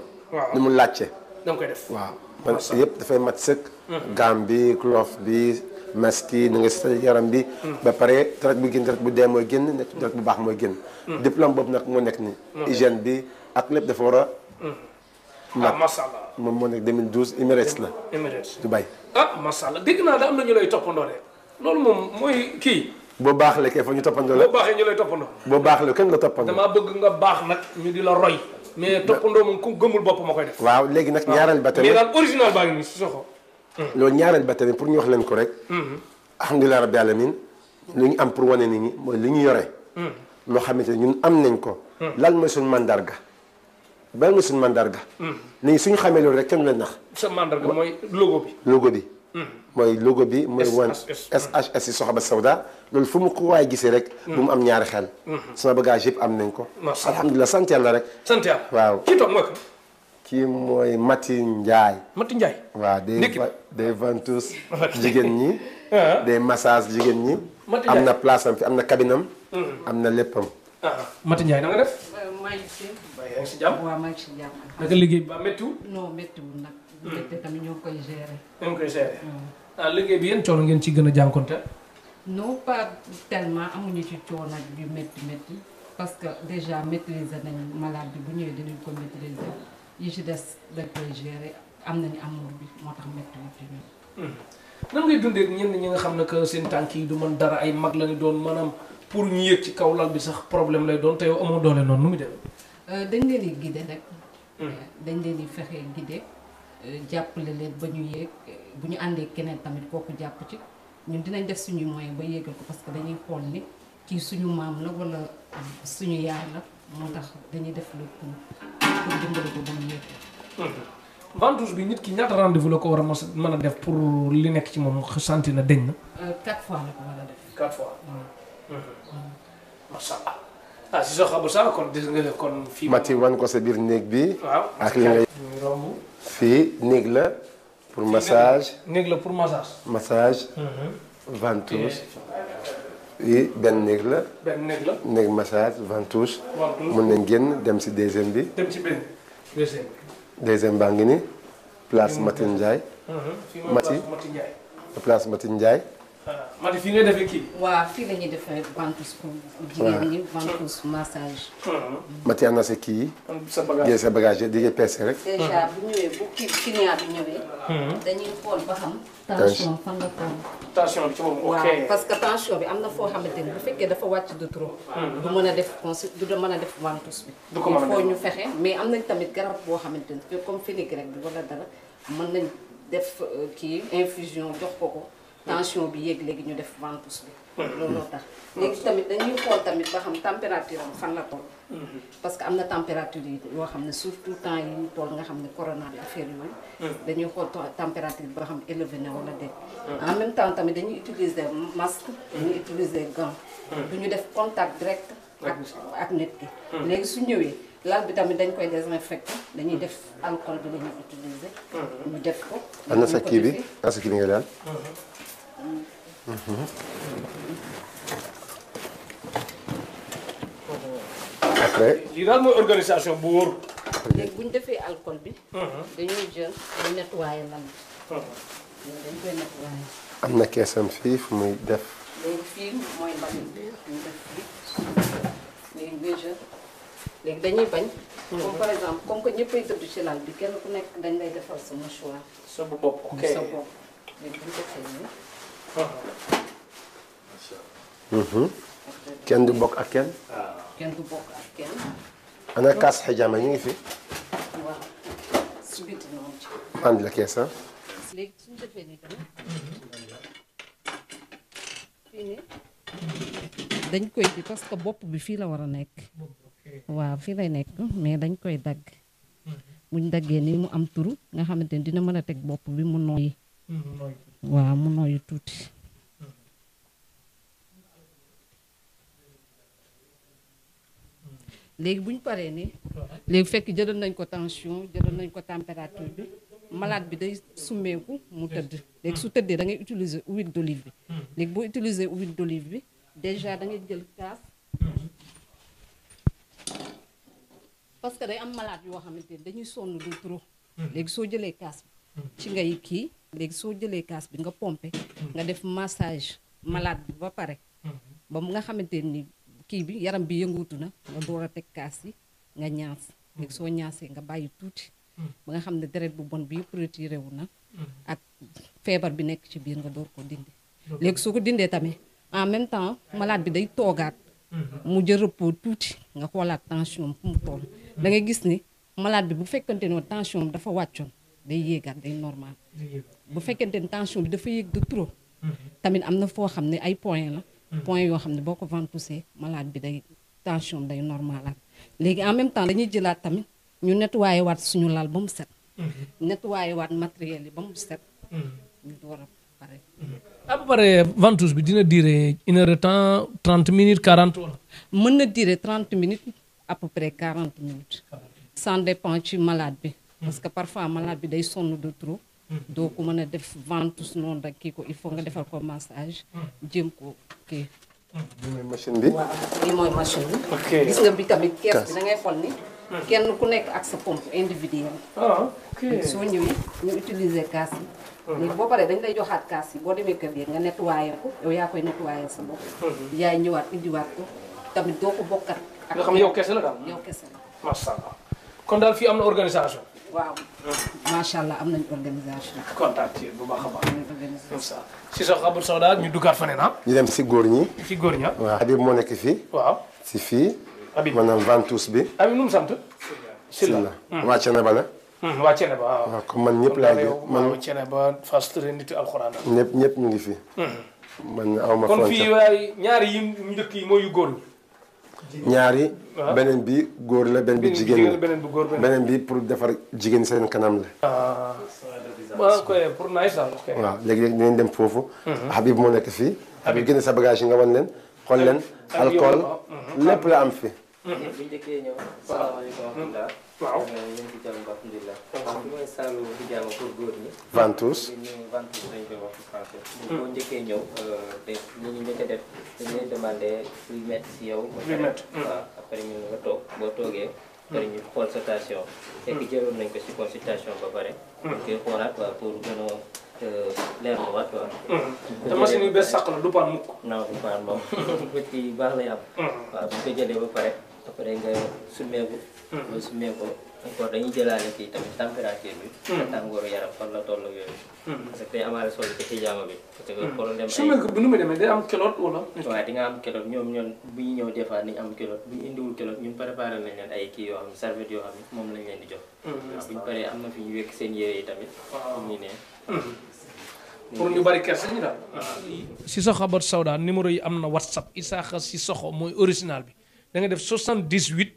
ni mu laajte da nga koy def waaw man yëpp dafay mat sëkk gaam bi clof bi maski ni si yaram bi ba pare deret bu génn deret bu dee mooy génn nekk deret bu baax mooy génn diplôme boobu nag moo nekk ni hygiène bi ak lépp dafa war a. Mm-hmm. ah macha allah moom moo nekk 2012 Emirates la. Emirates Dubai. ah macha allah dégg naa da am na ñu lay toppandoo de loolu moom mooy kii. boo baax la kay fa ñu toppandoo la boo baaxee ñu lay toppandoo. boo baax la kenn la toppandoo. damaa bëgg nga baax nag ñu di la roy. mais toppandoo moom ku gëmul bopp ma koy def. waaw léegi nag ñaareel ba tamit mais daal original baa ngi nii si soxo. Mm. loolu ñaareel ba tamit pour ñu wax leen ko rek. Mm-hmm. alhamdulilah rabbi alamin lu ñu am pour wane nit ñi mooy li ñu yore. Mm. loo xamante ne ñun am nañ ko. Mm. lan mooy suñu mandarga. bàyyi nga suñu mandarga. Hmm. nii suñu xamee loolu rek kenn la nax. sa mandarga mooy logo bi. logo bi. Hmm. mooy logo bi mooy wan SHS yi Soxaba Sawda loolu fu mu waay waaye gisee rek. Hmm. bu mu am ñaari xel. sama bagage yëpp am nañ ko. macha allah alhamdulilah sant yàlla rek. sant waaw kii toog mooy ko. kii mooy Mati Ndiaye. Mati Ndiaye. waaw day day jigéen ñi. Ah. day massage jigéen ñi. am na place am am na cabine am. na léppam. Ah. waaye yaa ngi si jàmm. waaw maa liggéey ba méttiwul. non méttiwul nag. Hmm. métti tamit ñoo koy gérer. ñoo ngi koy gérer. Hmm. ah liggéey bi yéen coono ngeen ci gën a jànkonte. non pas tellement amuñu ci coono bi métti métti parce que déjà maîtriser nañu malade bi bu ñëwee dinañ ko maîtriser yi ci des dañ koy gérer am nañu amour bi moo tax méttiwul ci ñun. Hmm. nan dundee ñenn ñi nga xam ne que seen tànk yi du mën dara ay mag la ñu doon manaam pour ñu yëg ci kaw lal bi sax problème lay doon te yow amoo doole noonu nu muy Euh, dañ leen di guider rek. Hmm. Euh, dañ leen di fexe guider euh, jàppale leen ba ñu yéeg bu ñu àndee keneen tamit kooku jàpp ci ñun dinañ def suñuy moyen ba yéegal ko parce que dañuy xool ni ci suñu maam la wala suñu yaay la moo tax dañuy def lu pour dimbali ko ba yéeg. Hmm. bi nit ki ñaata rendez-vous la ko war a mën a def pour li nekk ci moom quatre fois la ko war ah si soo xamul sax Mati wan ko sa biir néeg bi. waaw ak fii néeg la pour massage. néeg la pour massage. massage. Mhm. ventouse. yi néeg la. benn néeg la. néeg massage ventouse. ventouse mun génn dem si deuxième bi. dem si deuxième bi. deuxième baa ngi ni place Matin Ndiaye. Mhm. Mati place Matin Ndiaye. Mati fii ngay defee kii. waaw fii la ñuy defee banque su jigéen ñi banque su massage. Mmh. Mati am na sa kii. sa bagage sa bagage di ngeen peese rek. déjà bu ñëwee bu kii client bi ñëwee. Mmh. dañuy xool ba xam. tension fan nga toll. bi ci boobu ok parce que tension bi am na foo xamante ni bu wàcc de mmh. du mën a def consi du mën a def ventouse bi. du ko mën a def il ñu fexe mais am nañ tamit garab boo xamante ni comme fenugrec bi wala dara man nañ def euh, kii infusion jox ko ko. tension bi yéeg léegi ñu def vent pousse bi. looloo mm-hmm. tax léegi tamit dañuy xool tamit ba xam température am fan la toll. Mm-hmm. parce que am na température yi yoo xam ne surtout temps yi ñu toll nga xam ne corona bi affaire yooyu. Mm. dañuy xool température bi ba xam élevé na wala déet. Mm. en même temps tamit dañuy utiliser masque. dañuy utiliser gant. bu mm. ñu def contact direct. ak ak nit ki. léegi su ñëwee. lal bi tamit dañ koy désinfecté dañuy def alcool bi la utiliser. ñu mm-hmm. def ko. am na sa kii bi am na sa bi nga daal. après. lii daal mooy organisation bu léegi bu defee alcool bi. dañuy jël dañu nettoyer lan la. am na keesam fii fu muy def. léegi fii mooy lan ñu def fii léegi dañuy bañ. comme par exemple comme que ñëppay tëdd ci lal bi kenn ku nekk dañ lay defal sa mouchoir. sa bopp bopp léegi bu Mm-hmm. kenn du bokk ak kenn. du bokk ak kenn. ana kaas xijaama ñu ngi fi. Ah. dañ koy di parce bopp bi fii la war a nekk. waaw fii lay nekk mais dañ koy dagg. buñ daggee nii mu am turu nga xamante ni dina mën a teg bopp bi mu nooyi. waaw mu nooyu tuuti léegi buñ paree nii léegi fekk jëlal nañ ko tension jëlal nañ ko température bi malade bi day summeeku mu tëdd léegi su tëddee da ngay utiliser huile d'olive bi boo utiliser huile d'olive bi déjà da ngay jël kaas parce que day am malaat yoo xamante ne dañuy sonn du trop léegi soo jëlee kaas bi ci ngay kii léegi soo jëlee gaz bi nga pompe hmm. nga def massage hmm. malaat bi ba pare hmm. ba mu nga xamante ni kii bi yaram bi yëngutu na nga door a teg kaas yi nga ñaas léegi soo ñaasee nga bàyyi tuuti ba nga xam ne deret bu bon bi yëpp retiré wu na ak feebar bi nekk ci biir nga door ko dindi léegi soo ko dindee tamit en même temps malade bi day toogaat mu jël repos tuuti nga xoolaat tension fu mu toll da ngay gis ni malaat bi bu fekkante noonu tension dafa wàccoon day yéegaat day normal bu fekkente ne tension bi dafa yéeg de trop mhm. tamit am na foo xam ne ay point la mhm. point yoo xam ne boo ko vent malade bi day tension bi day normalaat léegi en même temps dañuy jëlaat tamit ñu nettoyé waat suñu laal ba mu set mhm. nettoyé waat matériel yi ba mu set ñu door a pare à bi dina durer une heure de temps trente minutes quarante wala mën na diire trente minutes à peu près quarante minutes ça dépend ci malade bi parce que parfois malade bi day sonn de trop. Mm-hmm. doo ko mën a def ventouse noonu rek kii ko il faut nga defal ko massage. jëm mm-hmm. ko kii. Mm-hmm. lii mooy machine bi bi. ok gis nga bi tamit kees bi da ngay ni. kenn ku nekk ak sa pompe individuelle. ah ok soo ñëwee ñu utiliser kaas yi. léegi boo paree dañ lay joxaat kaas yi boo demee kër gi nga nettoyé ko yow yaa koy nettoyé sa bopp. yaay ñëwaat indiwaat ko tamit doo ko bokkat. ak nga xam yow kese la daal yow kese la. kon daal fii waaw macha allah am nañ organisation. kontaan ci bu baax a baax. am nañ organisation. si sox abul sox daal ñu duggaat faneen ah. ñu dem si góor ñi. si góor ñi ah. waaw moo nekk fii. waaw si fii. Habib maanaam ventouse bi. Habib nu mu sant. ba hmm. waa Ceneba la. Hmm, waa waaw. man ñëpp laa jël man waaw Ceneba fas nitu alxuraan ñëpp ñëpp ñu ngi fi. Hmm. man aw ma kon fii waay ñaari yu njëkk yi mooy yu góor ñi. ñaari ah. beneen bi góor la beneen bi jigéen la beneen bi pour defar jigéen seen kanam la. waaw ah. ah, koy pour nice daal. waaw dem foofu. Mhm. Habib moo nekk fii. Habib génne sa bagage yi nga wan leen. xool leen alcool lépp la am fi. Mhm. waaw ñu ngi ci jàmm alhamdulilah. xam nga saalu hijaama pour góor ñi. ventouse ñu ventouse dañ koy wax ci français. bu ko njëkkee ñëw euh, te li ñu njëkk a def dañu lay demandé luy métti si yow. luy métti mm. waaw après ñu nga toog boo toogee. après ñu xool sa station. Mm. fekk jëloon nañ ko si consultation ba pare. Mm. ñu koy xoolaat waaw pour gën a euh, leer lu waat waaw. te machine yu bees sàq la du paan mukk. non du paan moom bët yi baax lay am. waaw bu ñu ko jëlee ba pare. après nga summeeku. Hmm. nga summeeku encore dañuy jëlaale fii tamit température bi. Hmm. ak tàngooru yaram fan la toll ak yooyu. Hmm. parce que day amaale solo ci jaama bi. parce que pour dem nu muy demee day am kilote wala. waaw nga am kilote ñoom ñoom bu ñu ñëw des fois nañ am kilote ñu indiwul kilote ñun préparé nañ leen ay kii yoo xam ne serviette yoo xam ne moom lañ di jox. waaw bu ñu paree am na fi ñu wekk seen yére yi tamit. waaw ñu ne. pour ñu bari kersa ñu daal. Ah. Sissoko Habbatu Sauda numéro yi am na whatsapp si soxo mooy original bi. da nga def 78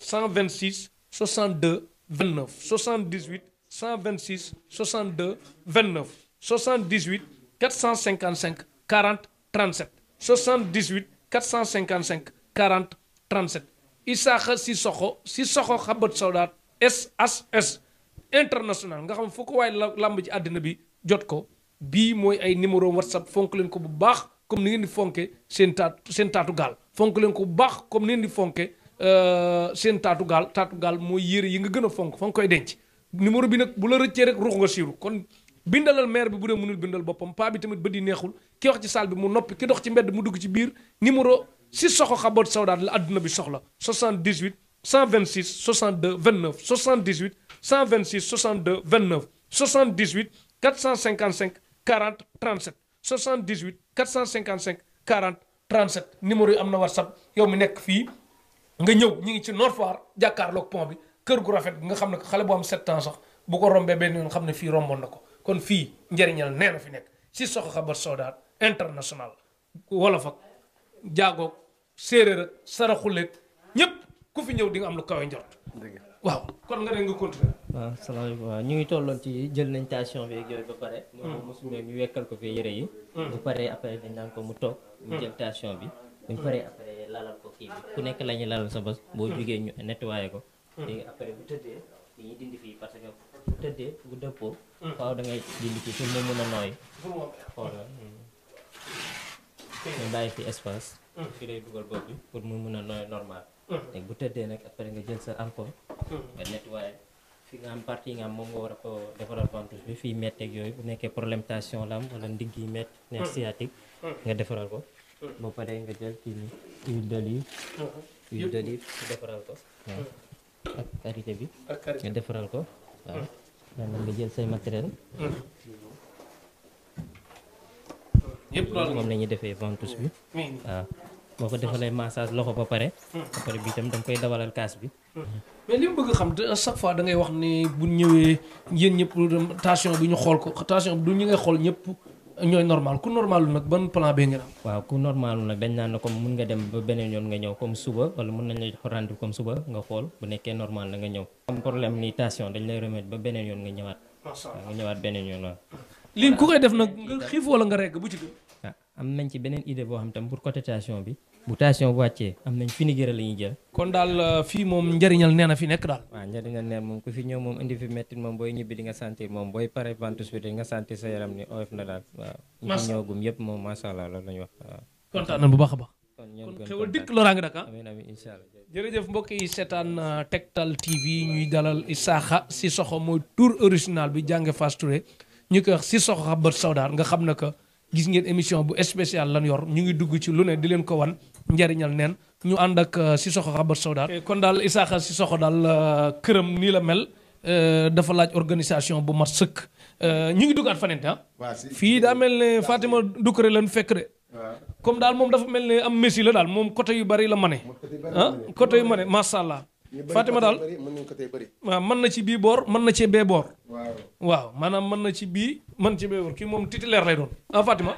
126 62 29 78 126 62 29 78 455 40 37 78 455 40 37 Isaaxa Sissoko Sissoko Habbatu Sauda SHS international nga xam foo ko waaye làmb ci àddina bi jot ko bii mooy ay numéro whatsapp fonk leen ko bu baax comme ni ngeen di fonke seen taatu seen taatu gaal fonk leen ko bu baax comme neen di fonke euh, seen taatu gaal taatu gaal mooy yére yi nga gën a fonk fa nga koy denc numéro bi nag bu la rëccee rek ruux nga siiru kon bindalal maire bi bu dee mënul bindal boppam paa bi tamit ba di neexul ki wax ci salle bi mu noppi ki dox ci mbedd mu dugg ci biir numéro si soxo xaboot sawdaat la adduna bi soxla 78 126 62 29 78 126 62 29 78 455 40 37 78 455 40 37 numéro yi am na whatsapp yow mi nekk fii nga ñëw ñu ngi ci Nord Foire jàkkaarloog bi kër gu rafet nga xam ne xale bu am 7 ans sax bu ko rombee benn yoon xam ne fii romboon na ko kon fii njëriñal nee na fi nekk si soxo xabar soodaat international wolof ak jaagoog séeréer ak saraxuleeg ñëpp ku fi ñëw di nga am lu kawe njort waaw kon nga ne nga continuer waaw salaamaaleykum waaw ñu ngi tolloon ci jël nañ station bi ak yooyu ba pare hmm. moom mosuñu yére yi hmm. bu pare après mu toog injection bi bu ñu paree après lalal ko kii bi ku nekk la lalal sa bos boo jógee ñu nettoyé ko léegi après bu tëddee dañuy dindi fii parce que bu dëppoo hmm. faaw da dindi fii pour mu mën a nooy xool la hmm. ñu bàyyi fi espace hmm. fi lay dugal bopp bi pour mu mun a nooy normal léegi bu tëddee nag après nga jël sa alcool nga nettoyé fi nga am partie moom nga war a ko defaral ventouse bi fii metteeg yooyu bu nekkee problème tension la am wala ndigg yi mett neex hmm. sciatique hmm. nga defaral ko hmm. boo paree nga jël kii nii huile d'olive huile d'olive nga defaral ko waaw ak karité bi nga defaral ko waaw maanaam nga jël say matériel moom la ñuy defee ventouse bi waaw boo ko defalee massage loxo ba pare ba pare bi koy dawalal kaas bi mais li mu bëgg xam te à chaque fois da ngay wax ni bu ñëwee yéen ñëpp tension bi ñu xool ko tension bi du ñu ngay xool ñëpp ñooy normal ku normal nag ban plan bee beneen yoon nga ñëw comme suba wala mun nañ la jox rendez comme suba nga xool bu nekkee normal na nga ñëw. am problème ni tension dañ lay remettre ba beneen yoon nga ñëwaat. nga ñëwaat beneen yoon waaw. lii ku koy def nag nga xiif wala nga regg bu ci gën. Ah, am nañ ci beneen idée boo xam tam pour côté bu tension bu wàccee am nañ finigré la ñuy jël. kon daal euh, fii moom njëriñal nee na fi nekk daal. waaw njëriñal moom ku fi ñëw moom indi fi métti moom booy pare ventouse bi nga sentir sa yaram ni oyof na daal. bu baax a baax. kon ñoom kon xewal dikk loraange nag ah. euh, mooy tour original bi jànge Fass ñu koy wax Sissoko Habbatu Sauda nga xam na que gis ngeen émission bu spéciale lan yor ñu ngi dugg ci lu ne di leen ko wan njariñal neen ñu ànd ak uh, Sissoko Habbatu Sauda eh, kon daal si soxo daal uh, këram nii la mel uh, dafa laaj organisation bu mat sëkk ñu ngi duggaat faneen ah. fii daa mel ne Fatima Doucouré lan fekk de. comme daal moom dafa mel ne am messi la daal moom côté yu bari la mane. côté yu mane ah côté yu mane macha Fatima daal waaw mën na ci bii boor mën na ci bee boor waaw maanaam mën na ci bii mën ci bee boor kii moom titulaire lay doon ah Fatima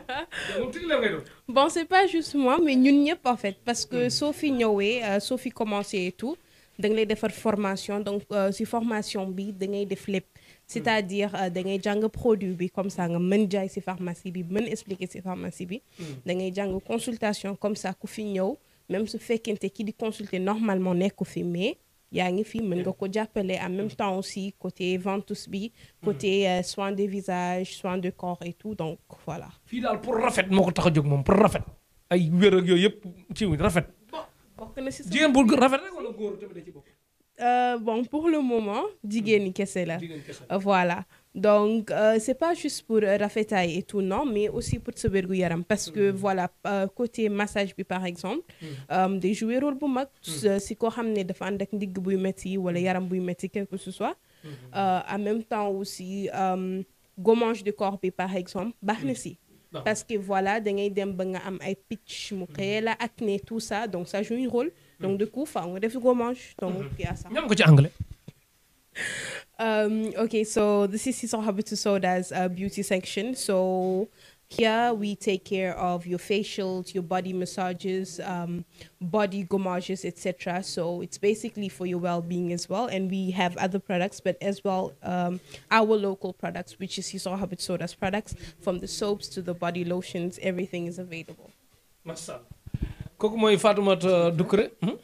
moom titulaire lay doon bon c'est pas juste mais ñun ñëpp en fait parce que soo fi ñëwee euh, soo fi commencé et tout da nga lay defar formation donc euh, si formation bi da ngay def lépp c'est-à-dire euh, da ngay jàng produit bi comme ça nga mën jaay si pharmacie bi mën expliquer si pharmacie bi hmm. da ngay jàng consultation comme ça ku fi ñëw même su fekkente ki di consulter normalement nekku fi mais yaa ngi fi mën nga ko jàppale en même temps aussi côté ventouse bi côté mm. euh, soin des visages soin de corps et tout donc voilà fii daal pour rafet moo ko tax a jóg moom pour rafet ay wér ak yooyu yëpp ci rafet bokk na jigéen bu rafet Euh, bon pour le moment jigéen kese la voilà donc euh, c'est pas juste pour euh, rafetaay non mais aussi pour sa wérgu yaram parce que voilà euh, côté massage bi par exemple mm. euh, day jouer rôle bu mag mm. si koo xam ne dafa ànd ak ndigg buy yi wala mm. yaram buy metti quel que ce soit mm-hmm. en même temps aussi gommage du corps bi par exemple baax na si parce que voilà da ngay dem ba nga am ay picc mu créer mm-hmm. la acné tout ça donc ça joue rôle donc mm. de coup faaw mm-hmm. nga um, is Season Habitu Soda's uh, here we take care of your facials, your body massages, um, body gommages, etc. So it's basically for your well-being as well. And we have other products, but as well um, our local products, which is Season from the soaps to the body lotions, everything is available. kooku mooy Fatoumata Doucouré hmm?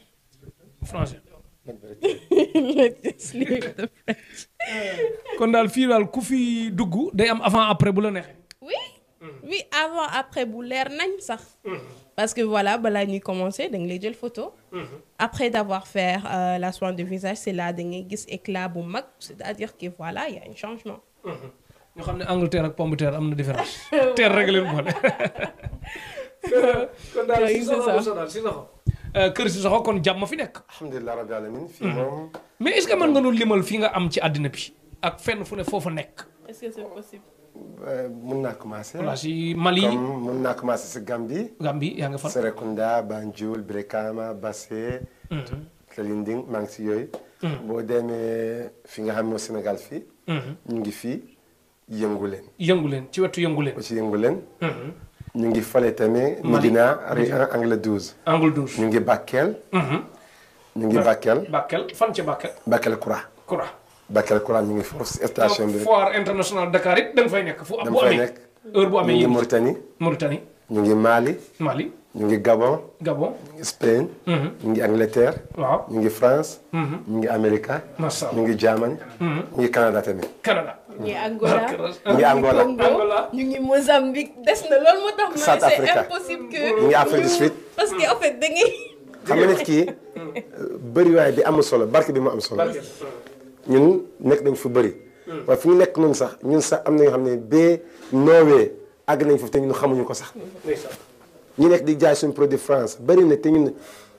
kon daal fii daal ku fi dugg day am avant après bu la neexee oui oui avant après bu leer nañ sax parce que voilà balaa ñuy commencer da nga lay jël photo après d'avoir fait euh, la soin de visage c'est la da gis éclat bu mag c'est-à-dire que voilà il y a un changement ñu xam ne Angleterre ak pomme terre am na différence terre rek leen boole kon daal si soxla daal si euh, kër si soxo kon jàmm fi nekk. alhamdulilah rabbi alamin hmm. mais est ce nga nu limal fi nga am ci àddina bi. ak fenn fu ne foofa nekk. est ce que c'est possible. Euh, mun naa commencé. voilà si Mali comme mun naa commencé si Gambie. Gambie yaa nga fa. Serekunda Banjul Brikama Basse. Hmm. Linding maa ngi si yooyu. Hmm. boo demee fi nga xam ne Sénégal fii. ngi fii yëngu leen. yëngu leen ci wetu yëngu leen. ci yëngu ñu ngi fale tamit. Medina rue 1 angle 12. angle 12 ñu ngi Bakel. ñu ngi Bakel. Bakel fan ci Bakel. Bakel Kura. Kura. Bakel Kura ñu ngi foofu station bi. foire internationale Dakar it da nga fay nekk. fu am bu amee nekk heure bu amee ñu ngi Mauritanie. Mauritanie. ñu ngi Mali. Mali. ñu ngi Gabon. Gabon Spain. ñu ngi Angleterre. ñu ngi France. ñu ngi Amérique. ñu ngi Germany. ñu ngi Canada tamit. ñu ngi Angola ñu ngi Angola ñu ngi des na loolu moo tax. South Africa c'est ñu ngi Afrique du Sud. parce que en fait da ngay. xam nga nit kii bëriwaay bi amul solo barke bi mu am solo. ñun nekk nañ fu bëri. Hmm. waaye fu ñu nekk noonu sax ñun sax am na ñoo xam ne bee Norvège àgg nañ foofu te xamuñu ko sax. Hmm. ñu nekk di jaay suñu produit France bëri na te ñun.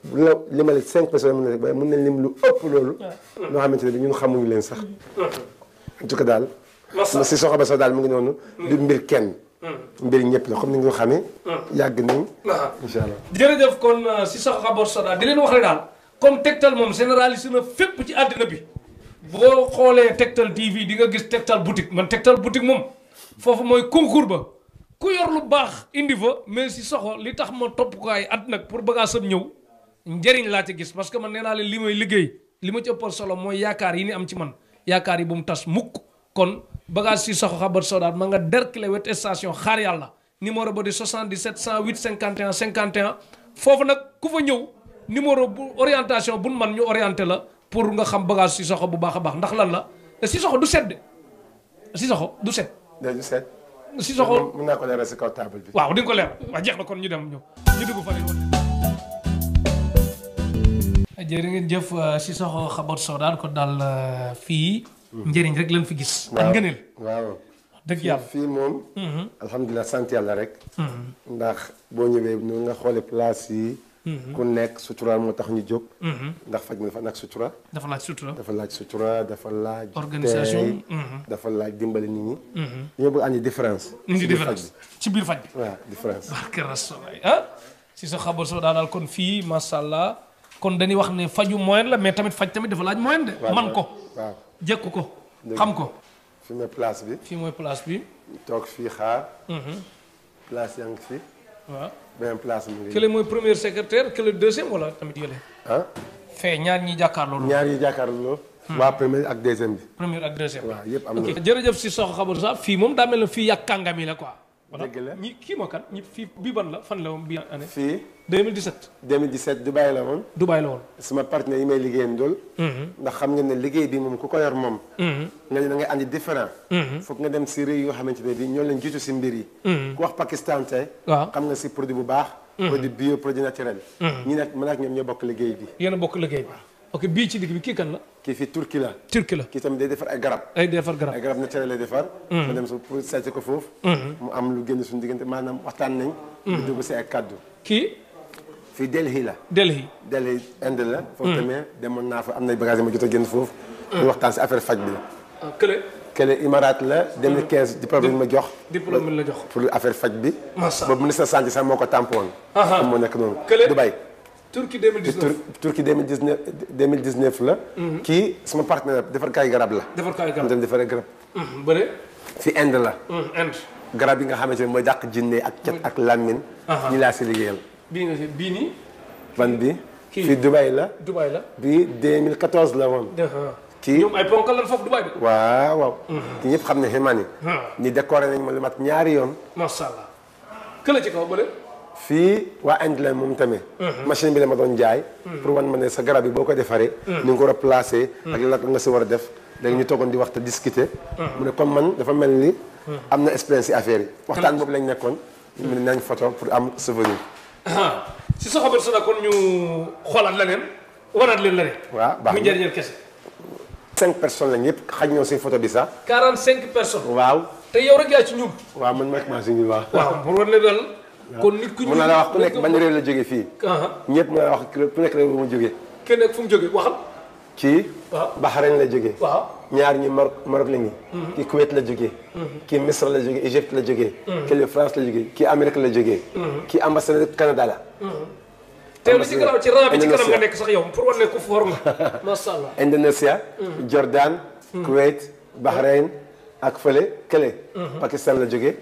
bu la limalee cinq personnes mën na mën nañ lim lu ëpp loolu. loo xamante ne bi ñun xamuñu leen sax. Hmm. en daal. ma si soxo ba so daal mu ngi noonu mm. du mbir kenn mm. mbir ñëpp la comme ni nga ko xamee mm. yàgg nañ ah. incha allah jërëjëf kon euh, si soxo xabor soda di leen wax daal comme Tektal moom généralisé na fépp ci àddina bi boo xoolee Tektal TV di nga gis Tektal boutique man Tektal boutique moom foofu mooy concours ba ku yor lu baax indi fa mais si soxo li tax ma topp ko ay at pour bëgg a ñëw njëriñ laa ci gis parce que man nee naa leen li may liggéey li ma ci ëppal solo mooy yaakaar yi ni am ci man yaakaar yi bu mu tas mukk kon bagage si saxo xabar sodaat ma nga derkle wet station xaar yàlla numéro ba di 77 108 51 51 foofu nag ku fa ñëw numéro bu orientation bu man ñu orienté la pour nga xam bagage si soxo bu baax a baax ndax lan la si soxo du sedd si soxo du sedd. du set si soxo mën naa ko leeral si kaw table bi. waaw di ko leeral waaw jeex na kon ñu dem ñëw ñu dugg fa jërë ngeen jëf si soxo xabar soo daal kon fii. njëriñ rek lañ fi gis. waaw ak ngëneel. waaw dëgg yàlla fii moom. Mm-hmm. alhamdulilah sant yàlla rek. Mm-hmm. ndax boo ñëwee nu nga xoolee place yi. Mm-hmm. ku nekk sutura moo tax ñu jóg. ndax faj mi dafa nag sutura. dafa laaj sutura dafa laaj sutura dafa laaj. organisation dafa laaj dimbali nit ñi. ñoo bëgg andi différence. indi différence ci biir faj ah. si sa xabar soo daanal kon fii macha allah kon dañuy wax ne faju moyen la mais tamit faj tamit dafa laaj moyen de. man ko jëkk ko xam ko fi mooy place bi fii mooy place bi toog fii xaar mhm. place yaa ngi fi waaw beneen place mu ngi kële mooy premier secrétaire kële deuxième wala tamit yële ah ñaar ñi jàkkaarloo ñaar ñi jàkkaarloo hmm. waa yëpp am si soxo xabaru moom daa mel na fii yàkkangam yi la quoi dëgg la ñi kii ma kan ñi fii bii ban la fan la moom bii année 2017. la woon. Dubaï la woon. sama partenaire yi may liggéeyandool. Mhm. ndax xam nga ne liggéey bi moom ku ko yor moom. Mhm. nga ne da ngay andi différent. Mhm. foog nga dem si réew yoo xamante ne ñoo leen jiitu si mbir yi. ku wax Pakistan tey. waaw xam nga si produit bu baax. produit bio produit naturel. ñi nag man ak ñoom ñoo bokk liggéey bi. yéen a bokk liggéey bi. ok bii ci digg bi kii kan la. kii fii Turquie la. Turquie la kii tamit day defar ay garab. ay defar garab ay garab fii Delhi la. Delhi Delhi Inde la. foofu hmm. tamit demoon naa fa am na bagage ma jot a génn foofu. Hmm. ñu waxtaan si affaire faj bi la. Ah, kële. kële Imarat la. 2015 hmm. diplôme bi ma jox. diplôme la jox pour affaire faj bi. macha allah boobu ministre santé sax moo ko tampoon. comme moo nekk noonu. kële Dubaï. Turquie 2019 Turquie 2019 2019 la. kii sama partenaire defar kaay garab la. defar kaay garab dem defaree garab. bële. fi Inde la. Inde. garab yi nga xamante ne mooy dàq jinne ak cet ak lamine. ñi laa si liggéeyal. bii nga si bii nii. ban bi. kii fii Dubaï la. Dubaï la bii 2014 la woon. ci ñoom ay ponkal lañ foofu Dubaï bi. waaw waaw. Mhm. ci ñëpp xam ne Himani. ñi décoré nañ ma lu mat ñaari yoon. macha allah. kële ci kaw bële. fii waa Inde la moom tamit. Mhm. machine bi la ma doon jaay. Mhm. pour wan ma ne sa garab yi boo ko defaree. ni nga ko replacé. ak la nga si war a def. léegi ñu toogoon di wax te discuter. mu ne comme man dafa mel ni. am na expérience si affaire yi. waxtaan boobu lañ nekkoon. mu ne nañ photo pour am souvenir. si soxabal sada kon ñu xoolaat leneen wanaat leen leneen. waaw baax na muy njëriñal kese. cinq personnes lañ yëpp xaj ñoo si foto bi sax. quarante cinq personnes. waaw te yow rek yaa ci ñuul. waaw man ma commencé ñuul waaw. waaw pour wan la kon nit ku mën naa la wax ku nekk ban réew la jóge fii. Uh-huh. ñëpp mën naa wax ku nekk réew la mu jógee. kenn nekk fu mu jógee waxal. kii. waaw Bahrain la jógee. ñaar ñu Maroc Maroc la ñu. Mhm. kii Kuwait la jógee. Mhm. kii Misra la jógee Égypte la jógee. Mhm. kii France la jógee kii Amérique la jógee. kii ambassadeur Canada la. teew li ci gannaaw ci rang bi ci kanam nga nekk sax yow pour wane ku for nga. Jordan. Kuwait Bahrain ak fële Kële. Pakistan la jógee.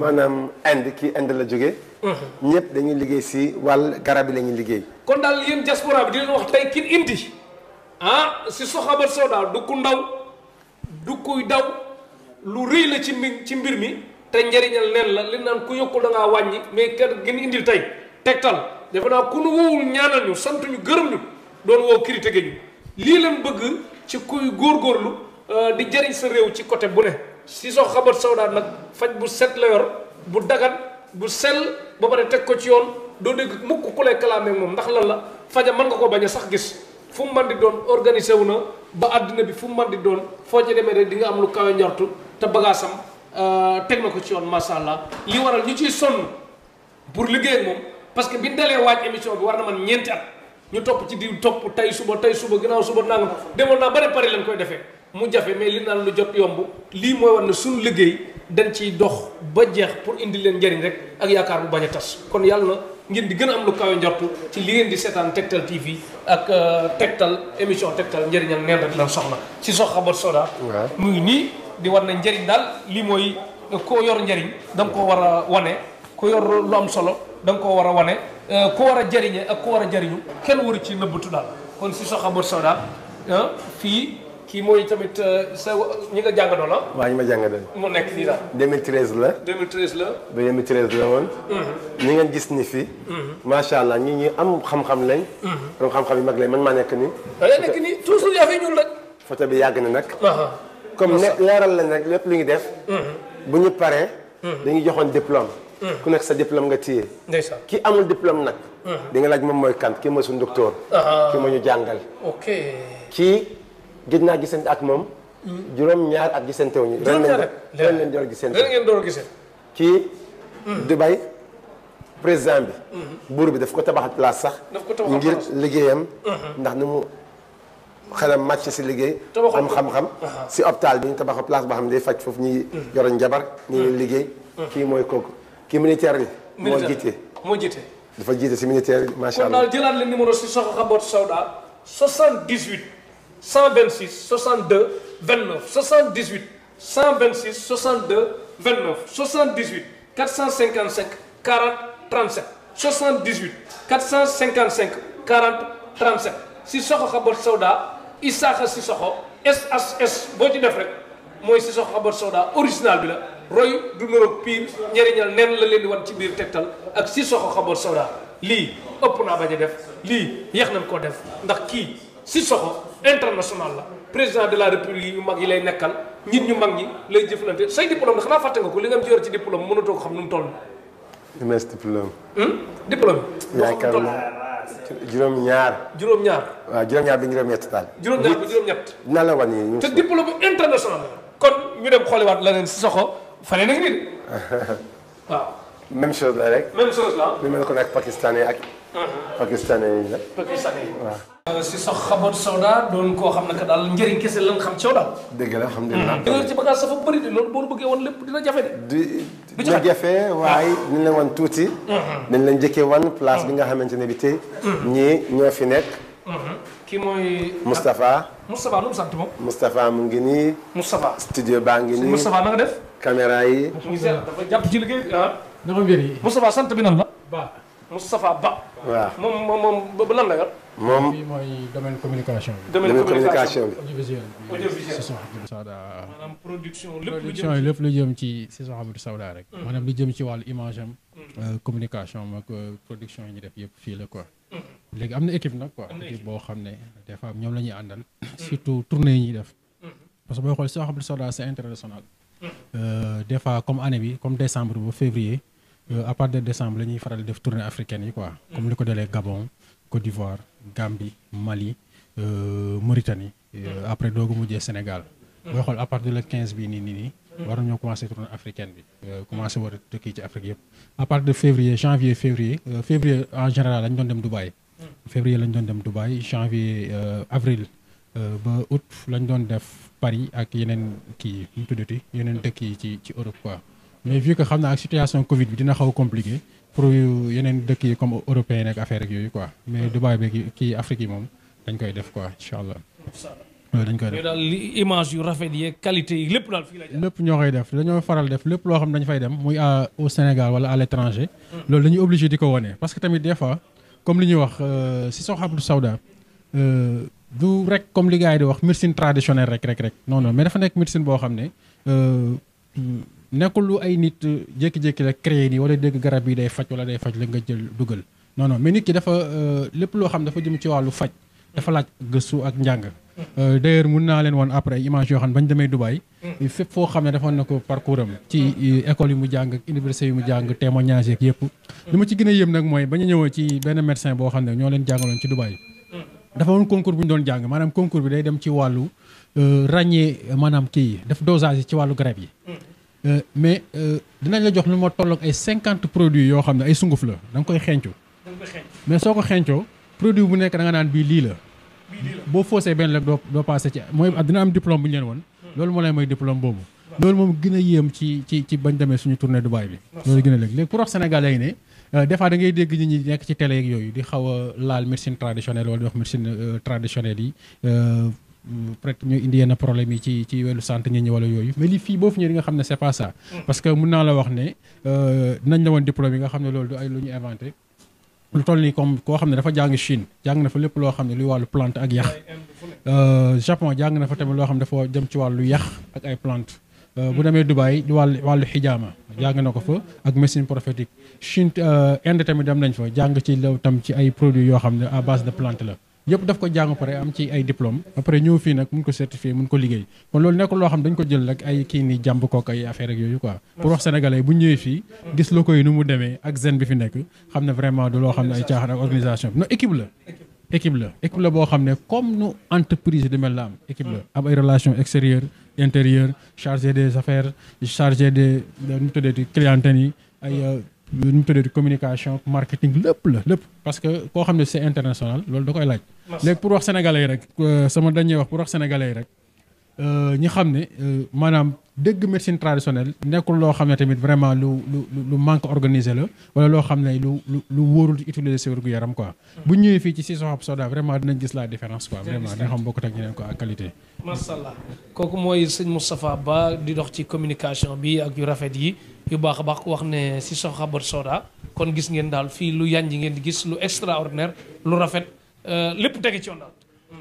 maanaam Inde kii Inde la jógee. ñëpp dañuy liggéey si wàll garab yi liggéey. kon daal yéen diaspora bi di wax tey kin indi ah si Soxabat Sawda du ku du kuy daw lu rëy la ci mbir ci mbir mi te njariñal leen la li naan ku yokkul dangaa wàññi mais kenn gën indil tey tegtal defe naa ku nu wowul ñaanal ñu sant ñu gërëm ñu doon woo critiqué ñu lii leen bëgg ci kuy góorgóorlu euh, di jëriñ sa réew ci côté bu ne si soo xabat sawdaat nag faj bu set la yor bu dagat bu sell ba pare teg ko ci yoon doo dégg mukk ku lay kalaamee moom ndax lan la faja mën nga ko bañ a sax gis fu mu mën di doon organisé wu na ba àddina bi fu mu mën di doon foo ci demee rek dinga am lu kawe njortu te bagaasam euh, teg na ko ci yoon macha allah li waral ñu ciy sonn pour liggéey moom parce que biñ dalee waaj émission bi war na man ñeenti at ñu topp ci di topp tey suba tey suba ginnaaw suba nangam demoon naa bari pare leen koy defee mu jafe mais li naan lu jot yomb lii mooy war na suñu liggéey dañ ciy dox ba jeex pour indi leen njëriñ rek ak yaakaar bu bañ a tas yàlla ngeen di gën am lu kawe njort ci li ngeen di seetaan Tektal TV ak euh, tegtal émission Tektal njëriñ ak neen rek lan soxla ci so xabar soda mu ngi nii di war na njariñ daal lii mooy koo yor njëriñ da nga koo war a wane ku yor lu am solo danga koo war a wane euh, ku war a jëriñe ak ku war a jëriñu kenn waru ci nëbbatu daal kon si so xabar soda euh, fii kii mooy tamit euh, sa ñi nga jàngandoo la. waaw ñi ma jàngandoo. mu nekk fii daal. 2013 la. 2013 la. ba 2013 la woon. Mhm. ñi ngeen gis ni fi macha mhm. allah ñi ñu am xam-xam lañ. donc mhm. xam-xam yu mag lañ man maa nekk nii. da ah, ngay nekk nii toujours yaa fi bi yàgg na nag. comme ne leeral lañ lépp lu ñu def. bu ñu paree. dañuy joxoon diplôme. ku nekk sa diplôme nga téye. ndeysaan ki amul diplôme nag. di nga laaj moom mooy kan kii mooy suñu docteur. kii moo ñu jàngal. kii. gëj naa gisante ak moom. juróom ñaar ak gisante wu ñu. ren leen door gisante ren ngeen door gisante. kii. Hmm. président bi. Hmm. buur bi daf ko tabax place sax. daf ko tabaxal ngir liggéeyam. Hmm. ndax nu mu xelam màcc si liggéey. am xam-xam. si hôpital bi ñu tabaxa place boo xam ne faj foofu ñuy yoroon jabar ñu ngi liggéey. kii mooy kooku kii militaire bi. moo jiite moo jiite. dafa jiite si militaire bi macha allah kon daal jëlaat leen numéro si soxna Xaboot Sawda 78. 126 62 29 78 126 62 29 78 455 40 37 78 455 40 37 Sissoko Habbatu Sauda Isaaxa Sissoko SHS boo ci def rek mooy Sissoko Habbatu Sauda original bi la roy du noroog pire njëriñal neen la leen di wan ci biir tegtal ak Sissoko Habbatu Sauda lii ëpp naa bañ a def lii yéex nañ koo def ndax kii Sissoko international la président de la république yu mag yi lay nekkal nit ñu mag ñi lay jëflante say diplôme xanaa fàtte nga ko li nga ci yor ci diplôme mënatoo ko xam nu mu toll. MS diplôme. Hmm? diplôme. juróom-ñaar. juróom-ñaar. waaw juróom-ñaar bi juróom-ñett daal. juróom-ñaar bi juróom-ñett. na la wan nii te diplôme international la. kon ñu dem xooliwaat leneen soxo faneen a ngi nii waaw. même chose la rek. même chose la. ni ma la ko nekk Pakistan yi ak. pakistanais yi eh? la. pakistanais yi waaw. si sax xabar Sawda doon koo xam ne que daal njëriñ kese lan xam ci yow daal. dëgg la alhamdulilah. dëgg ci bagage de loolu bëggee woon lépp dina jafe de. di jafe waaye ah. dinañ la wan tuuti. Mm-hmm. dañ la njëkkee wan place bi nga xamante ne bi tey. Mm-hmm. ñii ñoo fi nekk. Mm-hmm. kii mooy. Moustapha. Moustapha lu mu sant moom. Moustapha mu ngi nii. Moustapha studio baa ngi nii. Moustapha na nga def. yi. dafa jàpp ci liggéey bi ah. dafa Moustapha Ba. waaw moom moom moom ba moom bii mooy domaine communication bi. domaine communication bi audiovisuel bi. audiovisuel Sissoko Hamadou Sawda. lu jëm ci Sissoko Hamadou Sawda ci wàllu image am. Hmm. Euh, communication am ak euh, production yi ñu def yëpp fii la quoi. Hmm. léegi am na équipe nag quoi. boo xam ne des fois ñoom la ñuy àndal. Hmm. surtout tournée yi ñuy def. parce que booy xool Sissoko Hamadou Sawda c'est international. Euh, des comme année bi comme décembre ba février. Euh, à partir de décembre la ñuy faral di def tournée africaine yi quoi. comme li ko dalee Gabon Côte d'Ivoire Gambie Mali euh, Mauritanie. Euh, après doogu mujjee Sénégal. booy xool à partir de le quinze bii nii nii nii. war nañoo commencé tournée africaine bi. commencé war a dëkk ci Afrique yëpp. à partir de février janvier février février en général lañ doon dem Dubaï. février lañ doon dem Dubaï janvier avril ba août lañ doon def Paris ak yeneen kii yi mu yeneen dëkk yi ci ci Europe quoi. mais vu que xam naa ak situation Covid bi dina xaw compliqué pour yeneen dëkk yi comme européen ak affaire ak yooyu quoi mais Dubaï beeg kii Afrique yi moom dañ koy def quoi incha allah. waaw dañ koy def daal li image yu rafet yi qualité yi lépp daal lépp ñoo koy def dañoo faral def lépp loo xam ne dañu fay dem muy au Sénégal à l' étranger. Hmm. loolu dañuy obligé di ko wone parce que tamit des fois comme li ñu wax euh, si soo xamul sawda euh, du rek comme li gars yi di wax médecine traditionnelle rek rek rek non non mais dafa nekk médecine boo xam ne. Euh, nekkul lu ay nit euh, jékki-jékki la créé nii wala dégg garab yi day faj wala day faj la nga jël dugal non non mais nit ki dafa euh, lépp loo xam dafa jëm ci wàllu faj. dafa laaj gëstu ak njàng. Euh, d'ailleurs mun naa leen woon après image yoo xam ne bañ demee Dubaï. Mm. fépp foo xam ne defoon na ko parcours am. ci école yi mu jàng université yi mu jàng témoignage yeeg yëpp. Mm. li ma ci gën a yëm nag mooy ba ñu ñëwee ci benn médecin boo xam ne ñoo leen jàngaloon ci Dubaï. Mm. bu ñu doon jàng maanaam concours bi day dem ci wàllu ràññee maanaam kii def dosage ci wàllu garab yi Euh, mais euh, dinañ la jox lu ma tolloog ay cinquante produits yoo xam ne ay sunguf la da nga koy xeeñcu. da mais soo ko xeeñcoo produit bu nekk da naan bii lii la. boo foosee benn rek doo doo passé ci mooy dina am diplôme bu ñu leen woon. Hmm. loolu moo lay may diplôme boobu. loolu moom gën yéem ci ci ci bañ demee suñu tournée Dubaï bi. loolu gën a léegi léegi pour wax Sénégalais yi ne euh, des fois ngay dégg nit ñi nekk ci télé yeeg yooyu di xaw a laal médecine traditionnelle wala di wax médecine traditionnelle yi peut-être mm, ñoo indi yenn problème yi ci ci wàllu santé ñi ñi wala yooyu mais fii boo fi ñëwee di nga xam ne c'est pas ça mm. parce que mun naa la wax ne euh, nañ la woon diplôme yi nga xam ne loolu du ay lu ñu inventé lu toll nii comme koo xam ne dafa jàng Chine jàng na fa lépp loo xam ne luy wàllu plante ak yax euh, Japon jàng na fa tamit loo xam ne dafa jëm ci wàllu yax ak ay plante euh, bu mm. demee Dubaï di wàllu wàllu xijaama jàng na ko fa ak médecine prophétique Chine Inde tamit dem nañ fa jàng ci law tam ci ay produits yoo xam ne à base de plante la yëpp daf ko jàng pare am ci ay diplôme après ñëw fii nag mun ko certifié mun ko liggéey kon loolu nekkul loo xam dañ ko jël rek ay kii nii jàmb kook ay affaire ak yooyu quoi pour wax sénégalais bu ñëwee fii gis loo koy nu mu demee ak zen bi fi nekk xam ne vraiment du loo xam ne ay caaxaan ak organisation non équipe la équipe la équipe la boo xam ne comme nu entreprise di mel la am équipe la am ay relations extérieures intérieures chargé des affaires chargé des nu mu tuddee clientèle yi ay euh, lu mu tuddee communication marketing lépp la lépp parce que koo xam ne c'est international loolu da koy laaj. léegi pour wax sénégalais yi rek euh, sama dañuy wax pour wax sénégalais yi rek euh, ñi xam ne euh, maanaam. dëgg messine traditionnelle nekkul loo xam ne tamit vraiment lu lu lu manque organisé la wala loo xam ne lu lu lu wóorul utiliser sa wérgu yaram quoi. Hmm. bu ñëwee fii ci Sissoko Habbatu Sauda vraiment dinañ gis la différence quoi vraiment dina xam bokkut ak ñeneen allah kooku mooy sëñ Moustapha Ba di dox ci communication bi ak yu rafet yi yu baax a baax wax ne Sissoko Habbatu Sauda kon gis ngeen daal fii lu yanj ngeen di gis lu extraordinaire lu rafet euh, lépp tege ci yoon daal.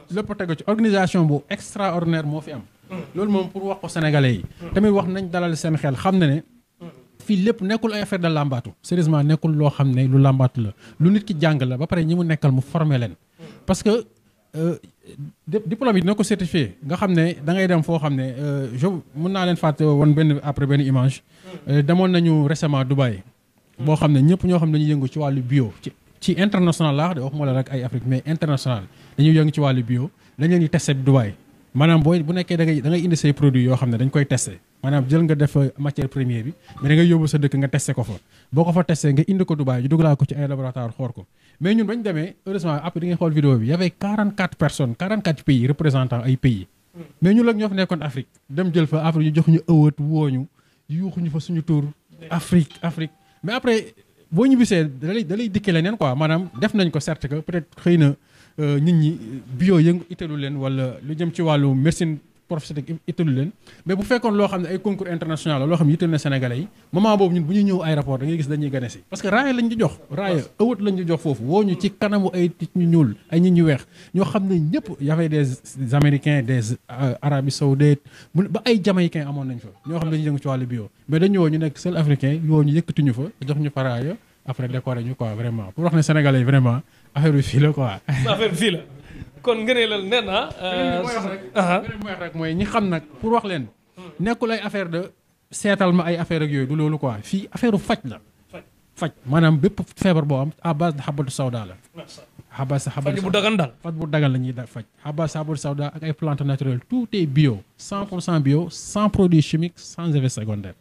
lépp tege ci organisation bu extraordinaire moo fi am. Mm. loolu moom pour wax ko sénégalais yi. Mm. tamit wax nañ dalal seen xel xam na ne. Mm. fii lépp nekkul ay affaire de làmbaatu sérieusement nekkul loo xam ne lu làmbaatu la lu nit ki jàng la ba pare ñi mu nekkal mu formé leen. parce que euh, diplôme yi dina ko certifié nga xam ne da ngay dem foo xam ne euh, je mën naa leen fàtte woon benn après benn image. Euh, demoon nañu récemment Dubaï. boo xam ne ñëpp ñoo xam ne dañuy yëngu ci wàllu bio ci ci international laa wax de waxuma la rek ay Afrique mais international ci wàllu bio dañu leen di testé Dubaï. maanaam booy bu nekkee dangay ngay da ngay indi say produits yoo xam ne dañ koy testé maanaam jël nga def uh, matière première bi mais da ngay yóbbu sa dëkk nga testé ko fa boo ko fa testé nga indi ko Dubaay ñu dugalaa ko ci ay laboratoire xool ko mais ñun bañ demee heureusement après di ngay xool vidéo bi y avait 44 personnes 44 pays représentant ay pays mais ñun la ñoo fa nekkoon Afrique dem jël fa Afrique ñu jox ñu ëwët wooñu yuuxuñu fa boo ñu bisee dalay dalay dikkee maanaam def nañ ko certes que peut-être xëy na Euh, nit ñi bio yëngu italu leen wala lu jëm ci wàllu médecine prophétique italu leen mais bu fekkoon loo xam ne ay concours international la loo xam ne italu na Sénégalais yi moment boobu ñun bu ñu ñëw aéroport da ngay gis dañuy gane si parce que raaya lañ ñu jox raaya ëwët lañ ñu jox foofu woo ñu ci kanamu ay nit ñu ñuul ay ñu weex ñoo xam ne ñëpp y des américains des euh, arabes saoudites ba ay jamaïcains amoon nañ fa ñoo xam ne dañuy yëngu ci wàllu bio mais ñu nekk seul africain yoo ñu yëkkatuñu fa jox ñu fa raaya après décoré ñu quoi vraiment pour wax ne Sénégalais vraiment affaire bi fii la quoi. affaire bi fii la kon ngëneelal nee na. beneen mooy euh, rek mooy ñi xam nag pour wax leen. nekkul ay affaire de seetal ma ay affaire ak yooyu du loolu quoi fii affaire faj la. faj maanaam bépp feebar boo am à base de xabatu sawda la. xabas xabatu faj bu dagan daal. faj bu dagan la ñuy da faj xabas xabatu sawda ak ay plante naturelles tout est bio. 100 pour cent bio sans produit chimique sans effet secondaire.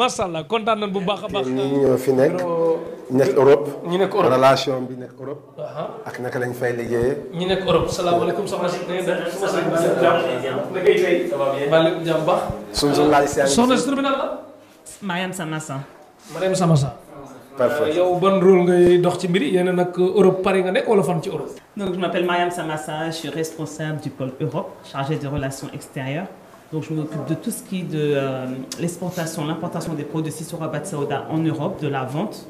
macha allah kontaan nañ bu baax a baax. ñoo fi nekk nekk Europe. nekk Europe relation bi nekk Europe. ak naka lañ fay liggéeyee. ñi nekk Europe salaamaaleykum soxna si. maaleykum jàmm baax. suñu journaliste yaa ngi soxna si tur bi nan la. Mariam Samassa. Mariam euh, yow ban dox ci mbir yi yéen nag Europe Paris nga ci Europe. donc je m'appelle Mariam Samassa je suis responsable du pôle Europe chargée des relations extérieures. Donc, je m'occupe de de euh, l'exportation, l'importation des produits Sissora Saouda en Europe, de la vente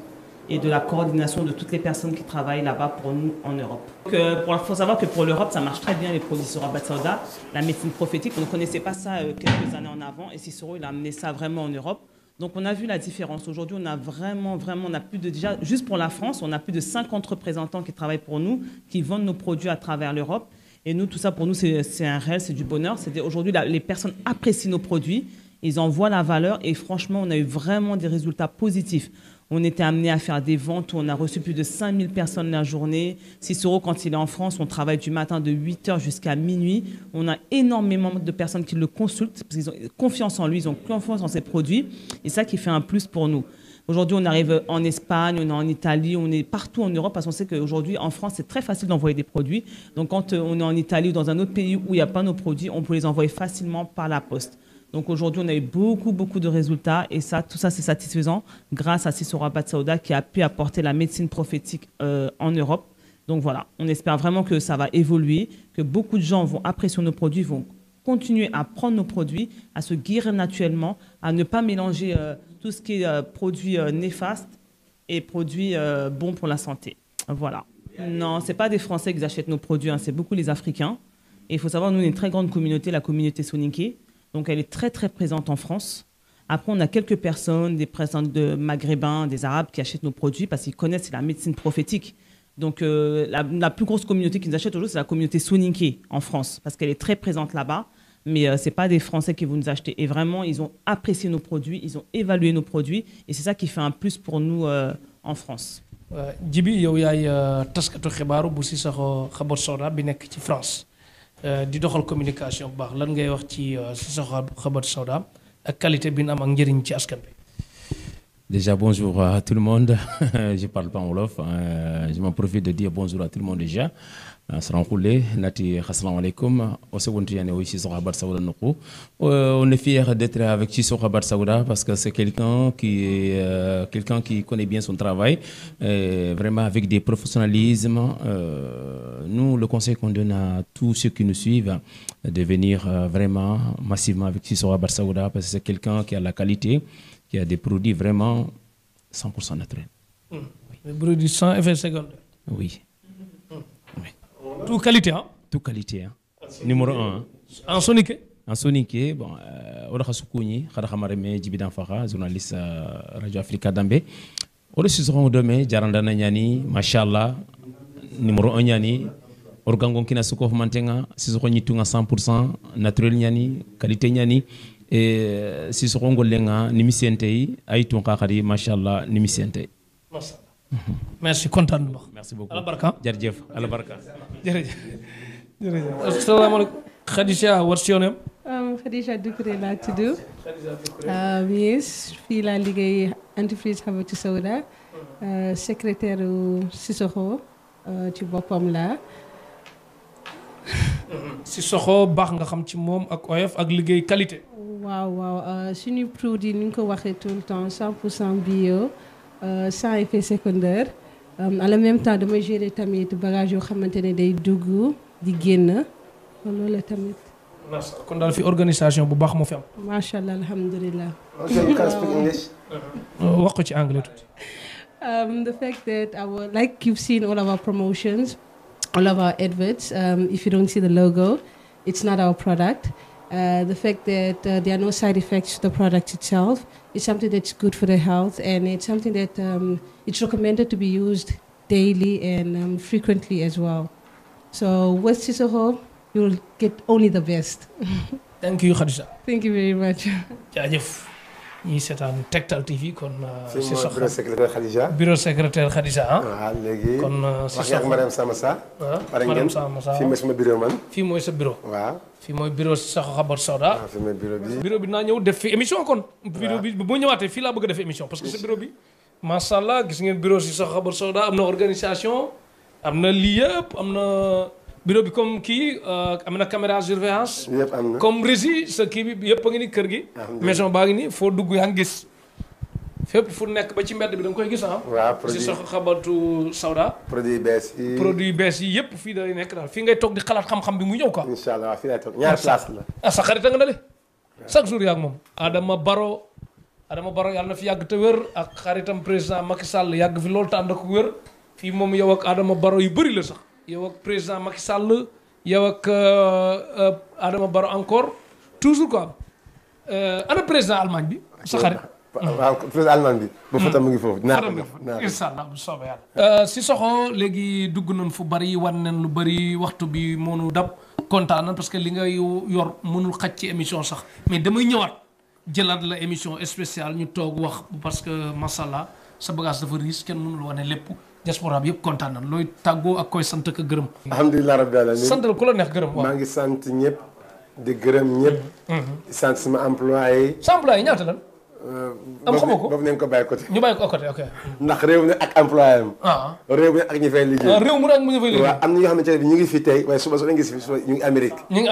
et de la coordination de toutes les personnes qui travaillent là-bas pour nous en Europe. Il euh, faut savoir que pour l'Europe, ça marche très bien les produits Sissora Saouda. La médecine prophétique, on ne connaissait pas ça euh, quelques années en avant et Sissoro, il a amené ça vraiment en Europe. Donc on a vu la différence. Aujourd'hui, on a vraiment, plus de déjà, Et nous, tout ça, pour nous, c'est un rêve, c'est du bonheur. aujourd'hui, les personnes apprécient nos produits, ils en la valeur et franchement, on a eu vraiment des résultats positifs. On était amené à faire des ventes où on a reçu plus de personnes la journée. Cicero, quand il est en France, on travaille du matin de 8h jusqu'à minuit. On a énormément de personnes qui le consultent parce qu'ils ont confiance en lui, ils ont confiance Aujourd'hui, on arrive en Espagne, on est en Italie, on est partout en Europe parce qu'on sait qu'aujourd'hui, en France, c'est très facile d'envoyer des produits. quand euh, on est en Italie ou dans un autre pays où il n'y a pas nos produits, on peut les envoyer facilement par la poste. Donc, aujourd'hui, on a eu beaucoup, de résultats et tout ça, c'est satisfaisant grâce à Sissora Batsaouda qui a pu apporter la médecine prophétique euh, en Europe. Donc, voilà, on espère tout ce qui est euh, produit euh, néfaste et produit euh, bon pour la santé. Voilà. Non, c'est pas des Français qui achètent nos produits, c'est beaucoup les Africains. Et il faut savoir, nous, on une très grande communauté, la communauté soninké. Donc, elle est très, présente en France. Après, on a quelques personnes, des présents de maghrébins, des arabes qui achètent nos produits parce qu'ils connaissent la médecine prophétique. Donc, la, plus grosse communauté qui nous achète mais euh, c'est pas des Français qui vont nous acheter. Et vraiment, ils ont apprécié nos produits, ils ont évalué nos produits, et c'est ça qui fait un plus pour nous euh, en France. Euh, Djibi yow yaay euh, taskato xibaaru bu Sissoko Habbatu Sauda bi nekk ci France di doxal communication bu baax lan ngay wax ci Sissoko Habbatu Sauda ak qualité bi ñu am ak njëriñ ci askan bi. Déjà, bonjour à tout le monde. je parle pas en Je m'en profite de dire bonjour à tout le monde Sarankhule nati assalamu alaikum yani aussi Sokhabat Saouda Noko euh, on est fier d'être avec Sokhabat Saouda parce que c'est quelqu'un qui est euh, quelqu'un qui connaît bien son travail et euh, vraiment avec des professionnalismes euh, nous le conseil qu'on donne à tous ceux qui nous suivent euh, de venir vraiment massivement avec Sokhabat Saouda parce que c'est quelqu'un qui a la qualité qui a des produits vraiment 100% naturels. Mmh. produits sans tout qualité ah. tout numéro un en sonique. en sonique bon euh, oɗo xa sukuñi xaɗa xamare me jibidan faxa journaliste euh, radio africa dambe oɗo sisoxongo dome jarandana ñani machallah numéro un ñani organgon kina sukof mantenga sisoxo ñittunga 100 pourcent naturel ñani qualité ñani e euh, sisoxo ngollenga nimisentey ay tun xa xadi machallah nimisentey Mm-hmm. merci kontaan merci beaucoup alabarka jërëjëf jërëjëf jërëjëf asalaamaaleykum. Khadija war si yoonam. Um, Khadija Doucouré laa tudd. Khadija Doucouré. oui fii laa liggéey entreprise Habbatu Sauda. secrétaire Sissoko uh, ci boppam la si Sissoko baax nga xam ci moom ak oyof ak liggéey qualité. waaw waaw uh, suñu produit ni ñu ko waxee tout le temps 100 pour bio. sans euh, effet secondaire en euh, temps damay gérer tamit bagage yoo xamante ne day dugg di génn loolu tamit. kon daal fi organisation bu baax moo fi am. macha allah alhamdulilah. Euh, wax ko ci anglais tuuti. Um, the fact that our like you've seen all of our promotions all of our adverts um, if you don't see the logo it's not our product uh, the fact that uh, are no side effects to the product itself It's something that's good for the health, and it's something that um, it's recommended to be used daily and um, frequently as well. So with Sissoko, you'll get only the best. Thank you, Khadija. Thank you very much. Jaajëf. ñiy seetaan Tektal TV kon. Euh, si soxna bureau secrétaire Khadija. bureau secrétaire Khadija ah. Ah, kon euh, si soxna wax ah, nga mooy sama bureau man. fii mooy sa bureau. waaw fii mooy bureau si soxna Xabar Soda. waaw fii mooy bureau bi. bureau bi naa ñëw def fi émission kon. waaw bureau bi bu ñëwaatee fii laa bëgg a def émission parce que sa bureau bi. macha gis ngeen bureau si soxna Xabar Soda am na organisation am na lii am na. bureau bi comme kii euh, am na caméra surveillance. comme régie sa kii bi yëpp ngi ni kër gi. maison baa ngi ni foo dugg yaa ngi gis. fépp fu nekk ba ci mbedd bi da koy gis ah. waaw produit si sa xabatu sawda. produit bees yi bees yi yëpp fii day nekk daal fii ngay toog di xalaat xam mu ñëw quoi. incha allah fii lay toog ñaar ah, place la. ah sa xarit na dale chaque jour yaa moom. Adama Baro Adama Baro yàlla na fi yàgg te wér ak xaritam président Macky Sall yàgg fi loolu te ànd ak wér fii moom yow ak Adama Baro yu bëri la sax. yow ak président Macky Sall yow ak euh, euh, Adama Barrow encore toujours quoi euh, ana président Allemagne bi sa xarit. président Allemagne bi. bu fa tam mu ngi foofu naa ko def incha si soxo léegi dugg nañ fu bari wan nañ lu bari waxtu bi moonu dab kontaan nañ parce que li ngay yor mënul xaj ci émission sax mais damay ñëwaat jëlaat la émission spéciale ñu toog wax parce que macha allah sa bagage dafa riche kenn mënul wane lépp. diaspora bi yëpp kontaan na looy tàggoo ak koy sant ak gërëm. alhamdulilah rabbil alamin santal ku la neex gërëm waaw maa ngi sant ñëpp di gërëm ñëpp. Mm-hmm. sant sama employé. sa employé ñaata lan. Euh, boobu nañ ko bàyyi côté. ñu ok. ndax réew mi ak employé am. Ah. réew ak ñi fay liggéey. Ah, réew ak mu ñu fay waaye suba soo leen suba ñu ngi Amérique. ñu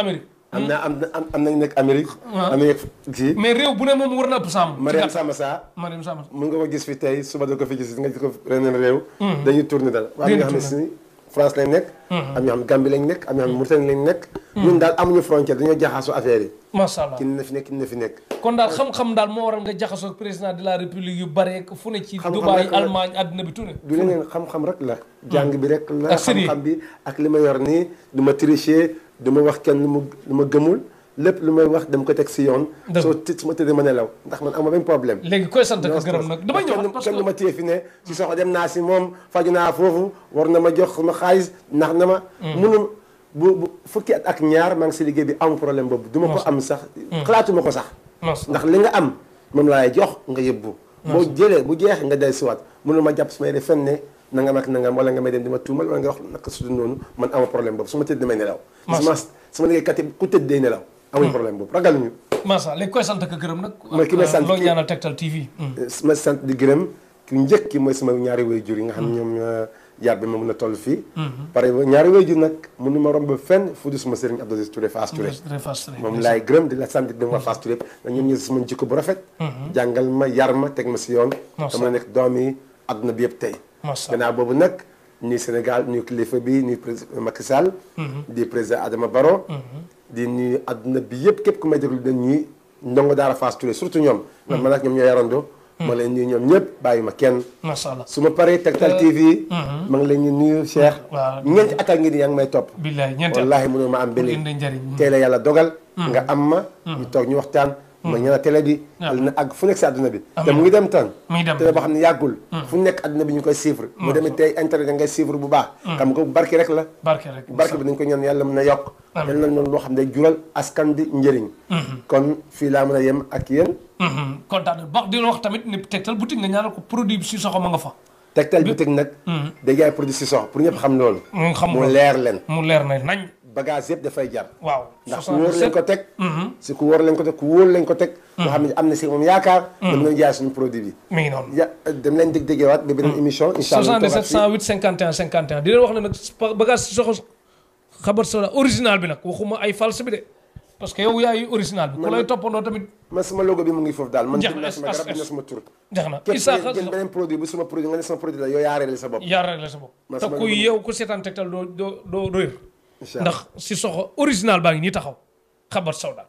am na am na am nañu nekk Amérique. am nañu nekk mais réew bu ne moom war na ëpp sàmm. Mariam Samassa Mariam Samassa. mën nga ko gis fi tey suba doo ko fi gis nga gis ko reneen réew. Hmm. dañuy tourné dal waaye nga xam ne si France lañ nekk. Hmm. am ñoo xam Gambie lañ nekk am ñoo xam Mauritanie lañ nekk. Hmm. ñun daal amuñu frontière dañoo jaxasoo affaire yi. macha allah ki na fi na fi nekk. kon daal xam-xam daal moo waral nga jaxasoo président de la république yu bare fu ci. Dubaï Allemagne àddina bi tuuti. du leneen xam-xam rek la. jàng bi rek la. xam-xam bi ak li du ma tricher du ma wax kenn lu mu lu ma gëmul lépp lu ma wax dem ko teg si yoon. soo su ma tëddee ma nelaw ndax man ma benn problème. léegi koy sant ak gërëm nag damay ñëwaat parce que kenn ma téye fi ne. si soxla dem naa si moom faju naa foofu war na ma jox ma xaalis ndax na ma. Mm. munum bu fukki at ak ñaar maa si liggéey bi am problème boobu. du ma ko am sax. Mm. xalaatuma ko sax. ndax li nga am moom laay jox nga yóbbu. boo jëlee bu jeexee nga dellusiwaat munul ma jàpp su ma yore ne nangam ak nangam wala nga may dem di ma tuumal wala nga wax naka su noonu man ama problème boobu su ma tëdd damay nelaw sama sama liggéeykat yi ku tëdd day nelaw amuñ hmm. problème boobu ragaluñu macha allah léegi ma euh, ki may sant loo ñaanal Tektal TV hmm. euh, ma sant di gërëm ki njëkk ki mooy sama ñaari waajur yi hmm. euh, a toll fii pare moom laay gërëm di la sant di ma Fass Touré nag ñoom ñi sama jikko bu rafet jàngal ma yar ma teg ma si yoon dama nekk doom yi tey macha allah gannaaw boobu nag nuyu Sénégal nuyu kilifa bi nuyu président Macky Sall. Mhm. di président Adama Barrow. Mhm. di nuyu adduna bi yëpp képp ku may déglu dañ ñuy ndongo daara Fass Touré surtout ñoom. Mhm. man man ak ñoom ñoo yarandoo. ma leen nuyu ñoom ñëpp su ma paree Tektal euh, TV. ma ngi leen di nuyu Cheikh. waaw ngi di yaa ngi may topp. billahi ñeenti at wallaahi mënoo ma la yàlla dogal. nga am ma. ñu toog ñu waxtaan. ma hmm. a télé bi na àgg fu nekk si àdduna bi te mu ngi dem tan télé boo xam ne yàggul hmm. fu nekk àdduna bi ñu koy suivre hmm. mu demee tey internet a ngay suivre bu baax xam nga barke rek la barke bi dañ ko ñaan yàlla mën a yokk yal na xam ne jural askan bi njëriñ kon fii laa mën a yem ak yéen kontaan baax di wax tamit Tektal boutique nga ñaanal ko produit bi ma nga fa Tektal boutique nag day jaay produit si sox pour xam loolu mu leer leen bagage yëpp dafay jar. waaw ndax wóor lañ ko teg. Mhm. si ku wóor lañ ko teg ku wóor lañ ko teg. nga mhm. xam am na si moom yaakaar. Mhm. dem ne nag bagage soxos bi daal man. jeex na sama na Isaaxa jël beneen produit bu sama produit doo doo doo ndax si Sissoko original baa ngi nii taxaw xabat sawda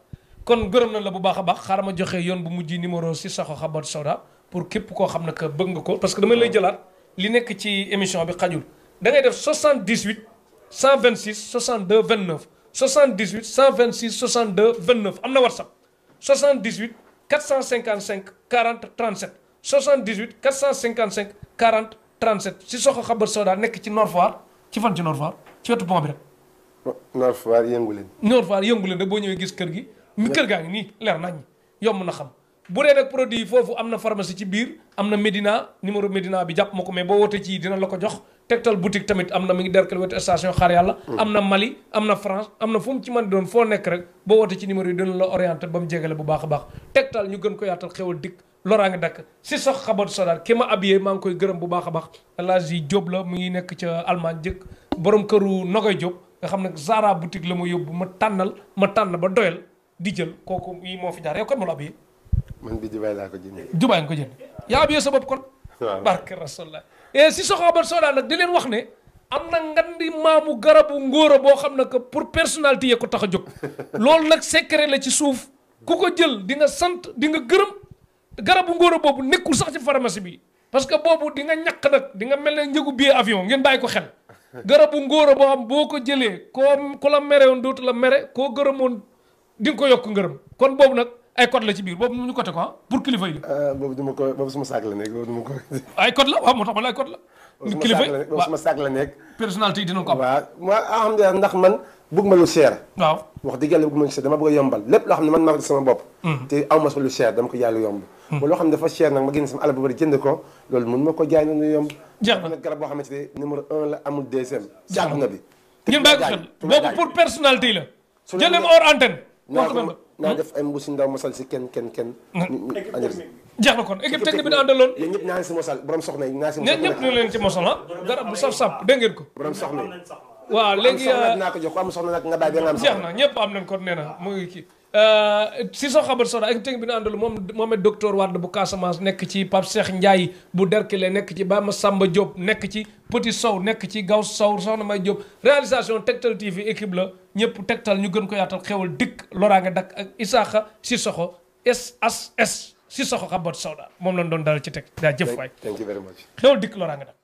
kon gërëm na la bu baax a baax xaaral ma joxee yoon bu mujj numéro Sissoko xabar sawda pour képp koo xam ne que bëgg nga ko parce que damay lay jëlaat li nekk ci émission bi xajul da ngay def 78 126 62 29 78 126 62 29 am na WhatsApp 78 455 40 37 78 455 40 37 Sissoko xabar sawda nekk ci Nord Foire ci fan ci Nord Foire ci wetu pont bi rek Nord Foire yëngu leen. Nord Foire yëngu leen rek boo ñëwee gis kër gi. mi kër gaa ngi nii leer nañ yomb na xam. bu dee nag produit yi foofu am na pharmacie ci biir am na Medina numéro Medina bi jàpp ma ko mais boo wootee ci dina la ko jox Tektal boutique tamit am na mi ngi derkal wetu station xaar yàlla. Mm. am na Mali am na France am na fu doon foo nekk rek boo wootee ci numéro yi dina la orienté ba mu jegale bu baax a baax Tektal ñu gën ko yaatal xewal dikk loraa nga dakk si sox xabat sodaar ki ma abiyee maa ngi koy gërëm bu baax a baax El Hadji Diop la mu ngi nekk ca Allemagne jëkk borom këru Nogoy Diop nga xam ne Zara boutique la ma yóbbu ma tànnal ma tànn ba doyal di jël kooku yi moo fi jaar yow kat ma la abiyee. man bi Dubaay laa ko jëndee. ko jënd yaa abiyee sa bopp kon. waaw barke rasulullah et eh, si soxoobal soodaan nag di leen wax ne. am na ngandi maamu garabu ngóora boo xam ne que pour personnalité yee ko tax a jóg loolu nag secret la ci suuf ku ko jël di nga sant di nga gërëm garabu ngóora boobu nekkul sax ci pharmacie bi parce que boobu di nga ñàkk nag di nga mel ne njëgu billet avion ngeen bàyyi ko xel garabu ngóor boo xam boo ko jëlee koo ku la merewoon dootu la mere koo gërëmoon di nga ko yokk ngërëm kon boobu nag ay code la ci biir boobu ñu côté ko pour kilifa yi la. Ah, boobu du ma ko boobu suma saak la nekk boobu du ma ko. ay code la waaw moo tax ba ne ay code la. kilifa yi boobu suma saak la nekk. personnalité yi dina ko am waaw alhamdulilah ndax man. bëgg ma lu cher. waaw wax dëgg yàlla bëgg ma lu cher dama bëgg a yombal lépp loo xam ne man maa ko sama bopp. Mm-hmm. te aw ma sa lu cher dama ko jaay lu yomb. Mm-hmm. ba loo xam ne dafa cher nag ma génn sama alal bu bëri jënd ko loolu mun ma ko jaay noonu lu yomb. jeex na garab boo xamante ne numéro un la amul deuxième. jaaxal na bi ngeen bàyyi ko xel boobu pour personnalité la. su jëlem hors antenne. wax ko naa hmm? def ay mbuusi ndaw mosal si kenn kenn kenn. Hmm. jeex na kon équipe technique bi daa àndaloon yéen ñëpp naa si mosal borom soxna yi naa si mosal ñëpp ñu leen ci mosal ah garab bu saf saf dégg ngeen ko borom soxna waaw léegi euh, naa ko jox ko am soxna nag nga daal bi nga am jeex ñëpp am nañ ko nee na mu ngi kii euh, si soo xabar soda ak tënk bi na àndal moom moom it docteur Wade bu Casamance nekk ci Pape Cheikh Ndiaye bu Derkile nekk ci Bama Samba Diop nekk ci Petit Sow nekk ci Gaw Sow soxna May Diop réalisation Tektal TV équipe la ñëpp Tektal ñu gën ko yaatal xewal dikk loraange dakk ak Isaaxa si soxo SSS si soxo xabar soda moom lañ doon dal ci teg daa jëf waay xewal dikk loraange dakk